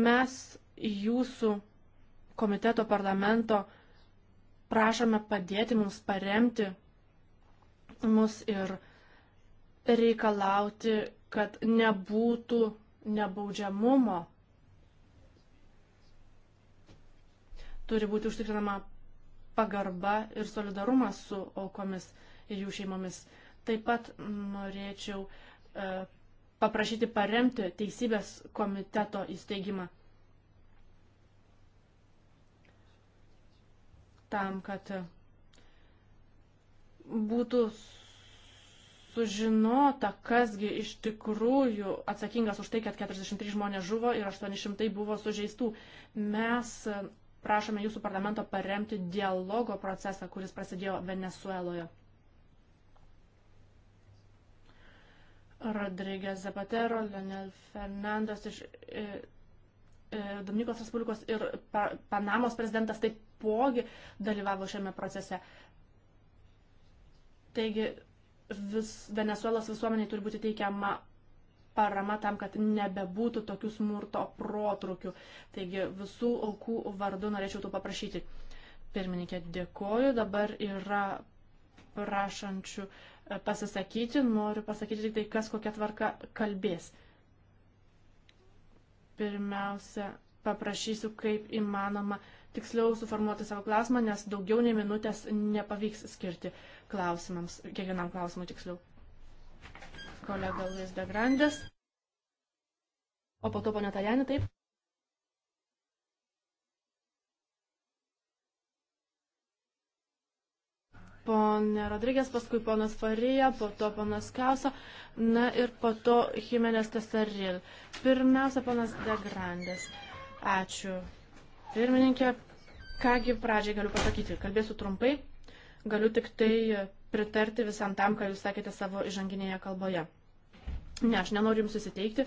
Mes jūsų komiteto parlamento prašome padėti mums paremti mus ir reikalauti, kad nebūtų nebaudžiamumo. Turi būti užtikrinama pagarba ir solidarumas su aukomis ir jų šeimomis. Taip pat norėčiau e, paprašyti paremti Teisybės komiteto įsteigimą. Tam, kad būtų sužinota, kasgi iš tikrųjų atsakingas už tai, kad 43 žmonės žuvo ir 800 buvo sužeistų. Mes e, prašome jūsų parlamento paremti dialogo procesą, kuris prasidėjo Venezueloje. Rodrigės Zapatero, Lenel Fernandas iš e, e, Dominikos Respublikos ir pa, Panamos prezidentas taipogi dalyvavo šiame procese. Taigi vis, Venezuelos visuomeniai turi būti teikiama parama tam, kad nebebūtų tokių smurto protrukių. Taigi visų aukų vardu norėčiau to paprašyti. Pirmininkė, dėkoju. Dabar yra prašančių e, pasisakyti. Noriu pasakyti tik tai, kas kokia tvarka kalbės. Pirmiausia, paprašysiu kaip įmanoma uh, tiksliau suformuoti savo klausimą, nes daugiau nei minutės nepavyks skirti klausimams, kiekvienam klausimui tiksliau. Kolega Luis de Grandes. O po to ponė Tajani, taip? ponė Rodrygės, paskui ponas Farija, po to ponas Kausa, na ir po to Jimenės Tesaril. Pirmiausia, ponas Degrandės. Ačiū, pirmininkė. Kągi pradžiai galiu pasakyti, kalbėsiu trumpai, galiu tik tai pritarti visam tam, ką jūs sakėte savo įžanginėje kalboje. Ne, aš nenoriu jums susiteikti.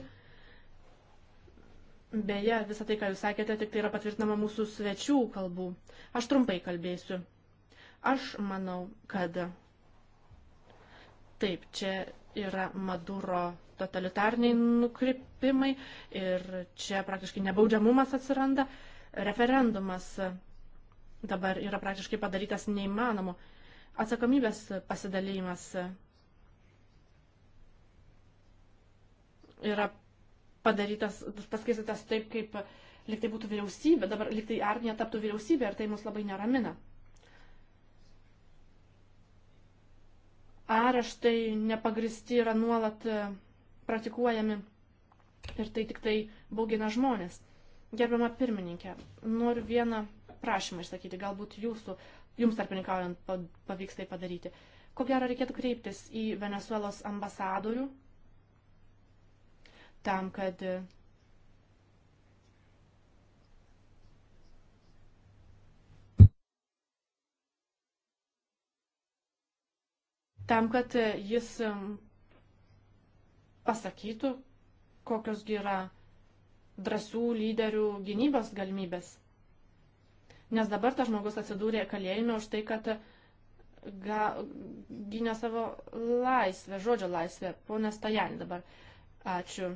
Beje, visą tai, ką jūs sakėte, tik tai yra patvirtinama mūsų svečių kalbų. Aš trumpai kalbėsiu. Aš manau, kad taip, čia yra Maduro totalitarniai nukrypimai ir čia praktiškai nebaudžiamumas atsiranda. Uh, referendumas dabar yra praktiškai padarytas neįmanomu. Atsakomybės pasidalymas yra padarytas, paskirstytas taip, kaip liktai būtų vyriausybė, dabar liktai armija taptų vyriausybė ir tai mus labai neramina. Areštai nepagristi yra nuolat praktikuojami ir tai tik tai baugina žmonės. Gerbiama pirmininkė, noriu vieną prašymą išsakyti, galbūt jūsų, jums tarpininkaujant pavyks tai padaryti. Ko gero reikėtų kreiptis į Venezuelos ambasadorių tam, kad tam, kad jis mm, pasakytų, kokios yra drąsių lyderių gynybos galimybės. Nes dabar tas žmogus atsidūrė kalėjime už tai, kad ga, gynė savo laisvę, žodžio laisvę. Pone Stajanį dabar. Ačiū.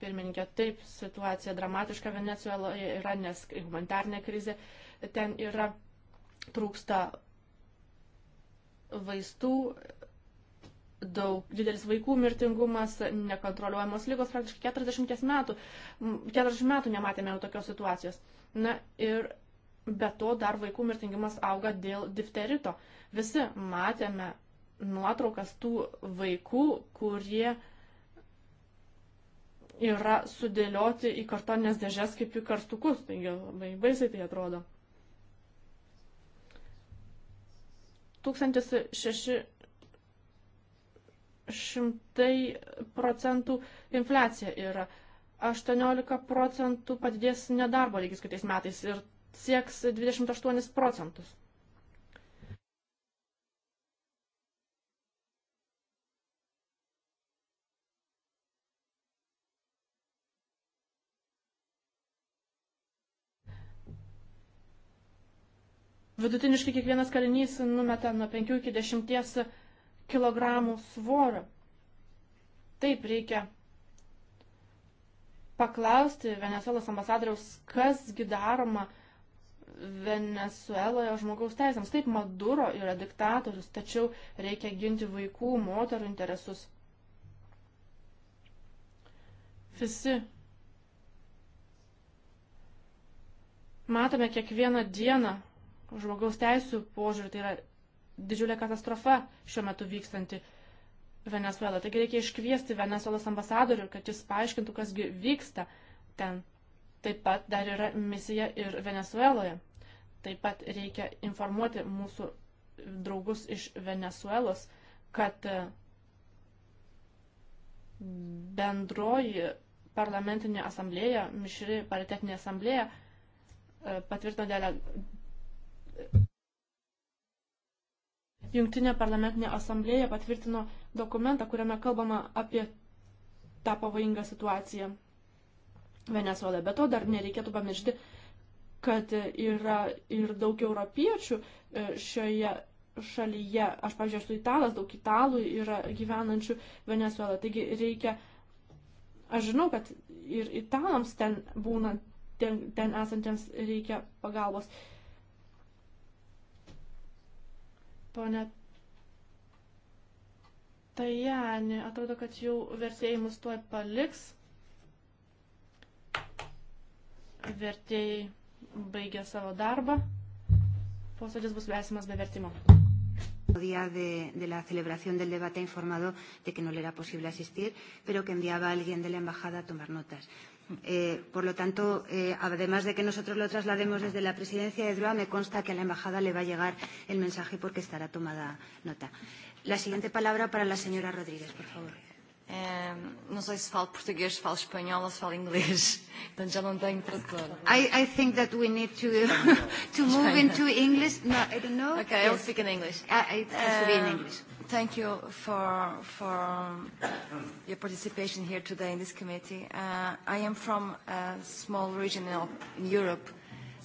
Pirmininkė, taip, situacija dramatiška Venezueloje yra, nes humanitarnė krizė ten yra, trūksta vaistų, daug, didelis vaikų mirtingumas, nekontroliuojamos lygos, praktiškai 40 metų, 40 metų nematėme jau tokios situacijos. Na ir be to dar vaikų mirtingumas auga dėl difterito. Visi matėme nuotraukas tų vaikų, kurie yra sudėlioti į kartonės dėžės kaip į karstukus, taigi labai baisiai tai atrodo. 1600 šimtai procentų infliacija yra. 18 procentų padidės nedarbo lygis kitais metais ir sieks 28 procentus. Vidutiniškai kiekvienas kalinys numeta nuo 5 iki 10 kg svorio. Taip reikia paklausti Venezuelos ambasadoriaus, kasgi daroma Venezueloje žmogaus teisėms. Taip, Maduro yra diktatorius, tačiau reikia ginti vaikų, moterų interesus. Visi matome kiekvieną dieną žmogaus teisų požiūrį, tai yra didžiulė katastrofa šiuo metu vykstanti Venezuela. Taigi reikia iškviesti Venezuelos ambasadorių, kad jis paaiškintų, kas vyksta ten. Taip pat dar yra misija ir Venezueloje. Taip pat reikia informuoti mūsų draugus iš Venezuelos, kad e, bendroji parlamentinė asamblėja, mišri paritetinė asamblėja e, patvirtino dele, Jungtinė parlamentinė asamblėja patvirtino dokumentą, kuriame kalbama apie tą pavojingą situaciją Venezuelą. Be to dar nereikėtų pamiršti, kad yra ir daug europiečių e, šioje šalyje. Aš, pavyzdžiui, esu italas, daug italų yra gyvenančių Venezuelą. Taigi reikia, aš žinau, kad ir italams ten būnant, ten, ten esantiems reikia pagalbos. Uh, Pone Tajani, atrodo, kad jau vertėjai mus tuoj paliks. Vertėjai baigė savo darbą. Posėdis bus vesimas be vertimo. día de, de la celebración del debate ha informado de que no le era posible asistir, pero que enviaba a alguien de la embajada a tomar notas. Eh, por lo tanto, eh, además de que nosotros lo traslademos desde la presidencia de DROA, me consta que a la embajada le va a llegar el mensaje porque estará tomada nota. La siguiente palabra para la señora Rodríguez, por favor. É, não sei se falo português, se falo espanhol ou se falo inglês. Portanto, já não tenho tradutor. I, I think that we need to, to move into English. No, I don't know. Okay, yes. I'll speak in English. Ah, I, I, I should be in English. Uh, Thank you for, for um, your participation here today in this committee. Uh, I am from a small region in Europe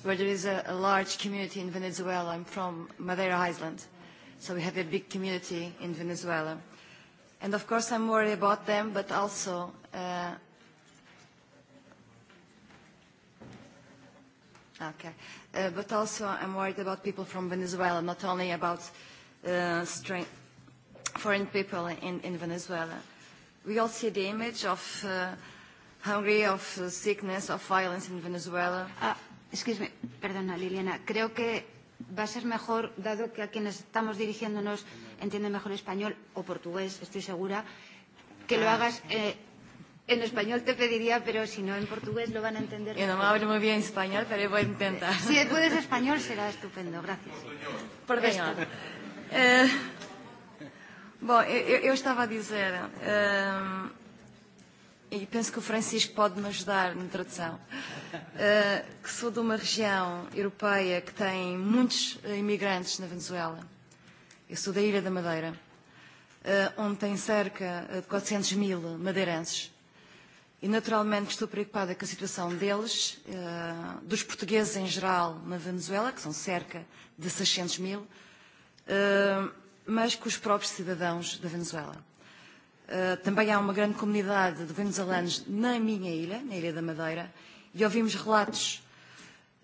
where there is a, a large community in Venezuela. I'm from Madeira Island, so we have a big community in Venezuela. And of course I'm worried about them, but also uh, Okay. Uh, but also I'm worried about people from Venezuela, not only about uh, strength foreign people in, in Venezuela. We all see the image of uh, hungry, of uh, sickness, of violence in Venezuela. Uh, excuse me, perdona Liliana, creo que va a ser mejor, dado que a quienes estamos dirigiéndonos entienden mejor español o portugués, estoy segura, que lo ah. hagas eh, En español te pediría, pero si no en portugués lo van a entender. Yo no me hablo muy bien español, pero voy a intentar. Si puedes español será estupendo, gracias. Por Venga. Eh, Bom, eu, eu estava a dizer, um, e penso que o Francisco pode me ajudar na tradução, uh, que sou de uma região europeia que tem muitos eh, imigrantes na Venezuela. Eu sou da Ilha da Madeira, uh, onde tem cerca de 400 mil madeirenses. E naturalmente estou preocupada com a situação deles, uh, dos portugueses em geral na Venezuela, que são cerca de 600 mil, uh, mas com os próprios cidadãos da Venezuela. Uh, também há uma grande comunidade de venezuelanos na minha ilha, na Ilha da Madeira, e ouvimos relatos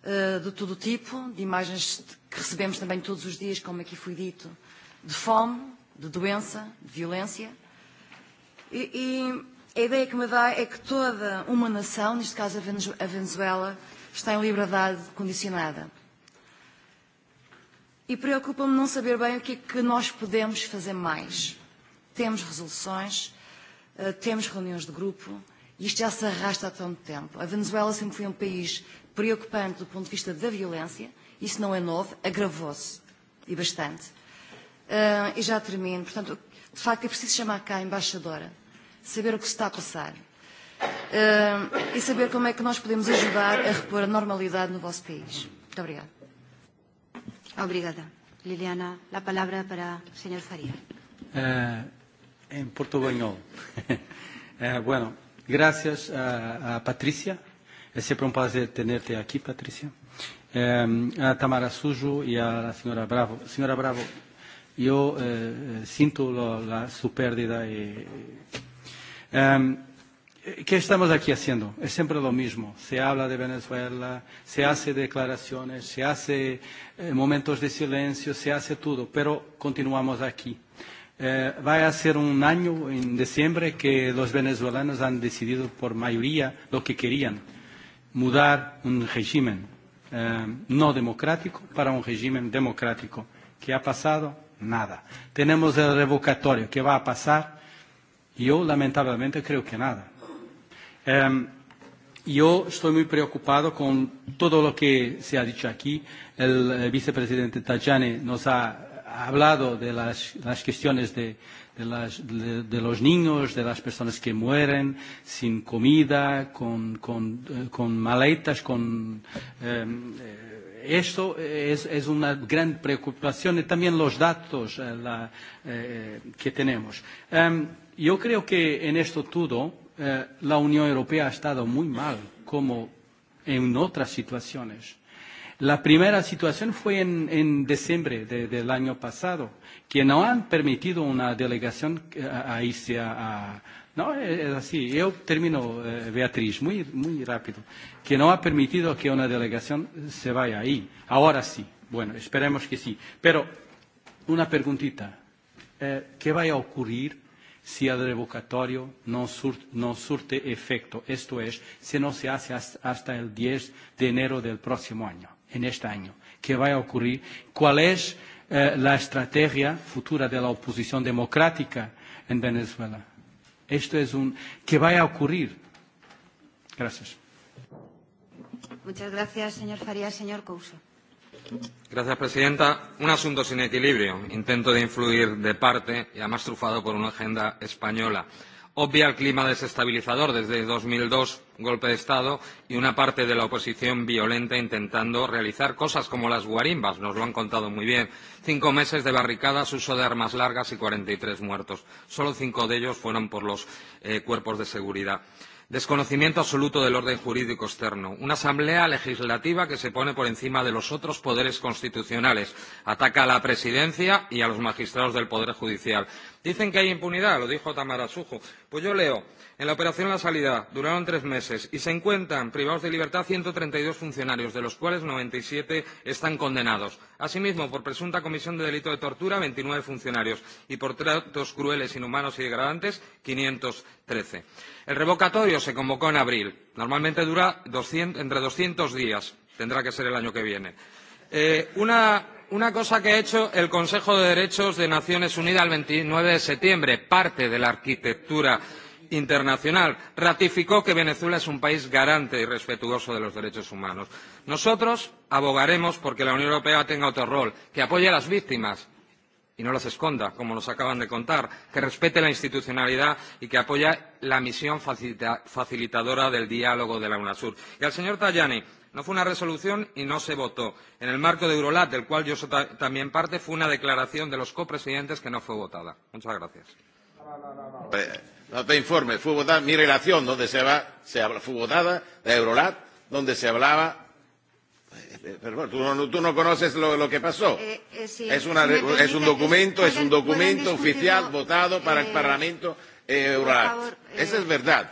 uh, de todo tipo, de imagens que recebemos também todos os dias, como aqui foi dito, de fome, de doença, de violência. E, e a ideia que me dá é que toda uma nação, neste caso a Venezuela, está em liberdade condicionada. E preocupa-me não saber bem o que é que nós podemos fazer mais. Temos resoluções, eh, temos reuniões de grupo, e isto já se arrasta há tanto tempo. A Venezuela sempre foi um país preocupante do ponto de vista da violência, isso não é novo, agravou-se, e bastante. Uh, e já termino. Portanto, de facto, é preciso chamar cá a embaixadora, saber o que se está a passar uh, e saber como é que nós podemos ajudar a repor a normalidade no vosso país. Muito obrigada. Obrigada. Liliana, la palabra para el señor Faría. Eh, en portugués. eh, bueno, gracias a, a Patricia. É sempre um prazer ter-te aqui, Patrícia. Eh, a Tamara Sujo e a senhora Bravo. Senhora Bravo, eu eh, eh sinto la, la sua pérdida. E, eh, ¿Qué estamos aquí haciendo? Es siempre lo mismo. Se habla de Venezuela, se hace declaraciones, se hace eh, momentos de silencio, se hace todo, pero continuamos aquí. Eh, va a ser un año en diciembre que los venezolanos han decidido por mayoría lo que querían, mudar un régimen eh, no democrático para un régimen democrático. ¿Qué ha pasado? Nada. Tenemos el revocatorio. ¿Qué va a pasar? Yo lamentablemente creo que nada Um, yo estoy muy preocupado con todo lo que se ha dicho aquí. El eh, vicepresidente Tajani nos ha hablado de las, las cuestiones de, de, las, de, de los niños, de las personas que mueren sin comida, con, con, eh, con maletas, con. Eh, eh, esto es, es una gran preocupación y también los datos eh, la, eh, que tenemos. Um, yo creo que en esto todo eh, la Unión Europea ha estado muy mal, como en otras situaciones. La primera situación fue en, en diciembre de, del año pasado, que no han permitido una delegación eh, a irse a, a... No, es así. Yo termino, eh, Beatriz, muy, muy rápido. Que no ha permitido que una delegación se vaya ahí. Ahora sí. Bueno, esperemos que sí. Pero una preguntita. Eh, ¿Qué va a ocurrir sia revocatorio non, sur, non surte efecto, esto es, si no se hace hasta el 10 de enero del próximo año, en este año. ¿Qué va a ocurrir? ¿Cuál es eh, la estrategia futura de la oposición democrática en Venezuela? Esto es un... ¿Qué va a ocurrir? Gracias. Muchas gracias, señor Farías. Señor Couso. Gracias, presidenta. Un asunto sin equilibrio, intento de influir de parte y además trufado por una agenda española. Obvia el clima desestabilizador desde 2002, golpe de Estado, y una parte de la oposición violenta intentando realizar cosas como las guarimbas, nos lo han contado muy bien. Cinco meses de barricadas, uso de armas largas y 43 muertos. Solo cinco de ellos fueron por los eh, cuerpos de seguridad. Eh, Desconocimiento absoluto del orden jurídico externo. Una asamblea legislativa que se pone por encima de los otros poderes constitucionales. Ataca a la presidencia y a los magistrados del Poder Judicial. Dicen que hay impunidad, lo dijo Tamara Sujo. Pues yo leo, en la operación La Salida duraron tres meses y se encuentran privados de libertad 132 funcionarios, de los cuales 97 están condenados. Asimismo, por presunta comisión de delito de tortura, 29 funcionarios y por tratos crueles, inhumanos y degradantes, 513. El revocatorio se convocó en abril. Normalmente dura 200, entre 200 días. Tendrá que ser el año que viene. Eh, una una cosa que ha hecho el Consejo de Derechos de Naciones Unidas el 29 de septiembre, parte de la arquitectura internacional, ratificó que Venezuela es un país garante y respetuoso de los derechos humanos. Nosotros abogaremos porque la Unión Europea tenga otro rol, que apoye a las víctimas y no las esconda, como nos acaban de contar, que respete la institucionalidad y que apoye la misión facilita facilitadora del diálogo de la UNASUR. Y al señor Tajani, No fue una resolución y no se votó. En el marco de Eurolat, del cual yo soy ta también parte, fue una declaración de los copresidentes que no fue votada. Muchas gracias. No, no, no, no. Eh, no te informe, fue votada mi relación donde se, va, se habla, fue votada de Eurolat, donde se hablaba eh, eh, Pero bueno, tú no, tú no conoces lo, lo que pasó. Eh, eh, sí. es, una, si permite, es un documento, es, es un documento oficial votado para eh, el Parlamento eh, Rural. Favor, eh, Esa es verdad.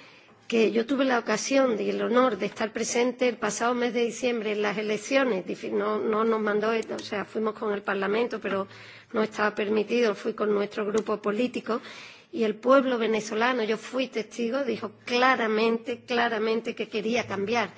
que yo tuve la ocasión y el honor de estar presente el pasado mes de diciembre en las elecciones. No, no nos mandó, o sea, fuimos con el Parlamento, pero no estaba permitido, fui con nuestro grupo político. Y el pueblo venezolano, yo fui testigo, dijo claramente, claramente que quería cambiar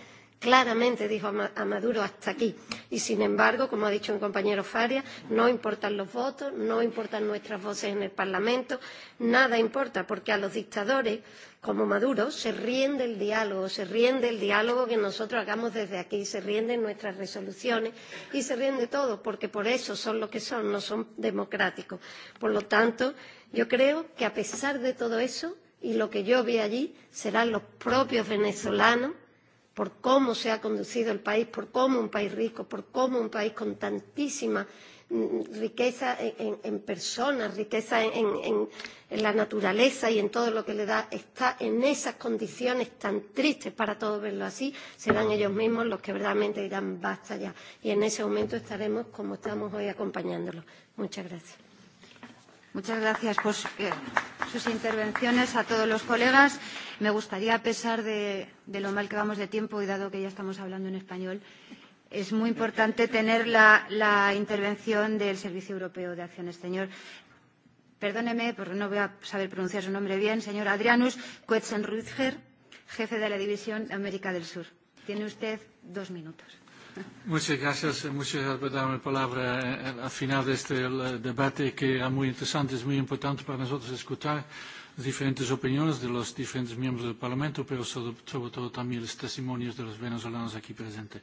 Claramente dijo a Maduro hasta aquí. Y sin embargo, como ha dicho mi compañero Faria, no importan los votos, no importan nuestras voces en el Parlamento, nada importa, porque a los dictadores como Maduro se ríen del diálogo, se ríen del diálogo que nosotros hagamos desde aquí, se ríen de nuestras resoluciones y se ríen de todo, porque por eso son lo que son, no son democráticos. Por lo tanto, yo creo que a pesar de todo eso y lo que yo vi allí, serán los propios venezolanos por cómo se ha conducido el país, por cómo un país rico, por cómo un país con tantísima mm, mm, riqueza en, en, en personas, riqueza en, en, en la naturaleza y en todo lo que le da, está en esas condiciones tan tristes para todos verlo así, serán ellos mismos los que verdaderamente dirán basta ya. Y en ese momento estaremos como estamos hoy acompañándolos. Muchas gracias. Muchas gracias por eh, sus intervenciones a todos los colegas. Me gustaría, a pesar de, de lo mal que vamos de tiempo y dado que ya estamos hablando en español, es muy importante tener la, la intervención del Servicio Europeo de Acciones. Señor, perdóneme porque no voy a saber pronunciar su nombre bien, señor Adrianus Kuetzenrüther, jefe de la División de América del Sur. Tiene usted dos minutos. Muchas gracias, eh, muchas gracias por darme la palabra eh, eh, al final de este debate que era muy interesante, es muy importante para nosotros escuchar diferentes opiniones de los diferentes miembros del Parlamento, pero sobre, sobre todo también los testimonios de los venezolanos aquí presentes.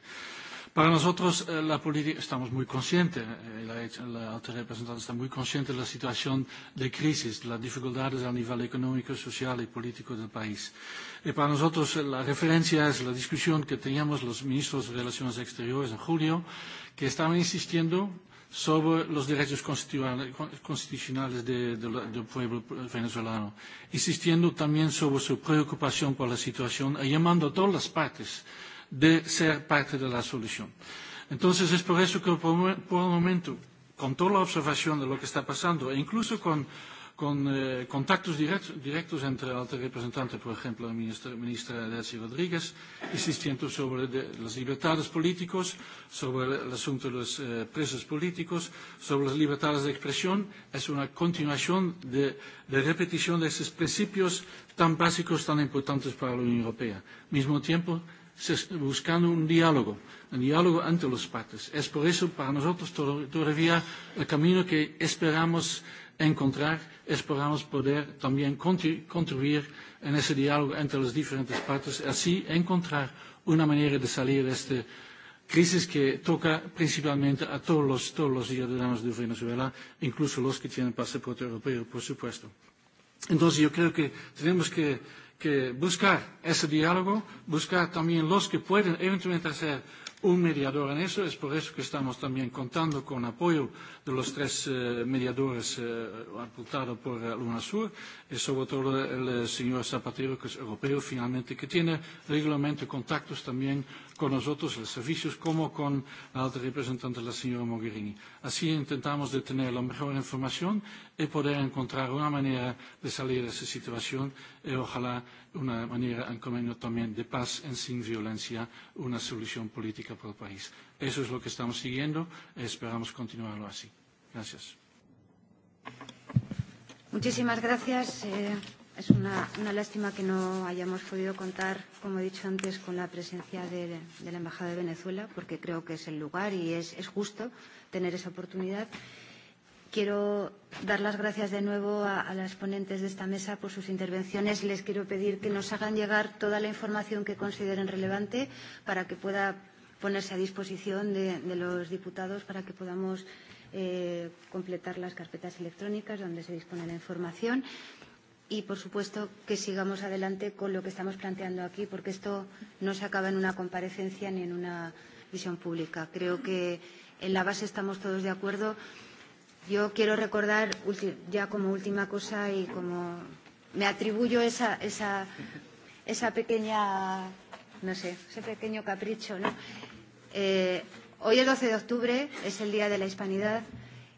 Para nosotros, eh, la política, estamos muy conscientes, eh, la, la alta representante está muy consciente de la situación de crisis, de las dificultades a nivel económico, social y político del país. Y para nosotros, eh, la referencia es la discusión que teníamos los ministros de Relaciones Exteriores en julio, que estaban insistiendo sobre los derechos constitucionales del de, de pueblo venezolano, insistiendo también sobre su preocupación por la situación y llamando a todas las partes de ser parte de la solución. Entonces, es por eso que por, por el momento, con toda la observación de lo que está pasando, e incluso con con eh, contactos directos, directos entre alta representante, por ejemplo, la ministra, ministra Delcy Rodríguez, insistiendo sobre de, las libertades políticas, sobre el asunto de los eh, presos políticos, sobre las libertades de expresión. Es una continuación de, de repetición de esos principios tan básicos, tan importantes para la Unión Europea. Mismo tiempo, se, buscando un diálogo, un diálogo entre las partes. Es por eso para nosotros to, todavía el camino que esperamos encontrar esperamos poder también contribuir en ese diálogo entre los diferentes partes, así encontrar una manera de salir de esta crisis que toca principalmente a todos los, todos los ciudadanos de Venezuela, incluso los que tienen pasaporte europeo, por supuesto. Entonces yo creo que tenemos que, que buscar ese diálogo, buscar también los que pueden eventualmente hacer un mediador en eso. Es por eso que estamos también contando con apoyo de los tres eh, mediadores eh, apuntados por eh, UNASUR, y sobre todo el, el señor Zapatero, que es europeo finalmente, que tiene regularmente contactos también con nosotros, los servicios, como con la alta representante, la señora Mogherini. Así intentamos de tener la mejor información y poder encontrar una manera de salir de esa situación y ojalá una manera en convenio también de paz en sin violencia, una solución política para el país. Eso es lo que estamos siguiendo y esperamos continuarlo así. Gracias. Muchísimas gracias. Eh Es una, una lástima que no hayamos podido contar, como he dicho antes, con la presencia de, de la Embajada de Venezuela, porque creo que es el lugar y es, es justo tener esa oportunidad. Quiero dar las gracias de nuevo a, a las ponentes de esta mesa por sus intervenciones. Les quiero pedir que nos hagan llegar toda la información que consideren relevante para que pueda ponerse a disposición de, de los diputados para que podamos eh, completar las carpetas electrónicas donde se dispone la información y, por supuesto, que sigamos adelante con lo que estamos planteando aquí, porque esto no se acaba en una comparecencia ni en una visión pública. Creo que en la base estamos todos de acuerdo. Yo quiero recordar, ya como última cosa, y como me atribuyo esa, esa, esa pequeña, no sé, ese pequeño capricho, ¿no? Eh, hoy es 12 de octubre, es el Día de la Hispanidad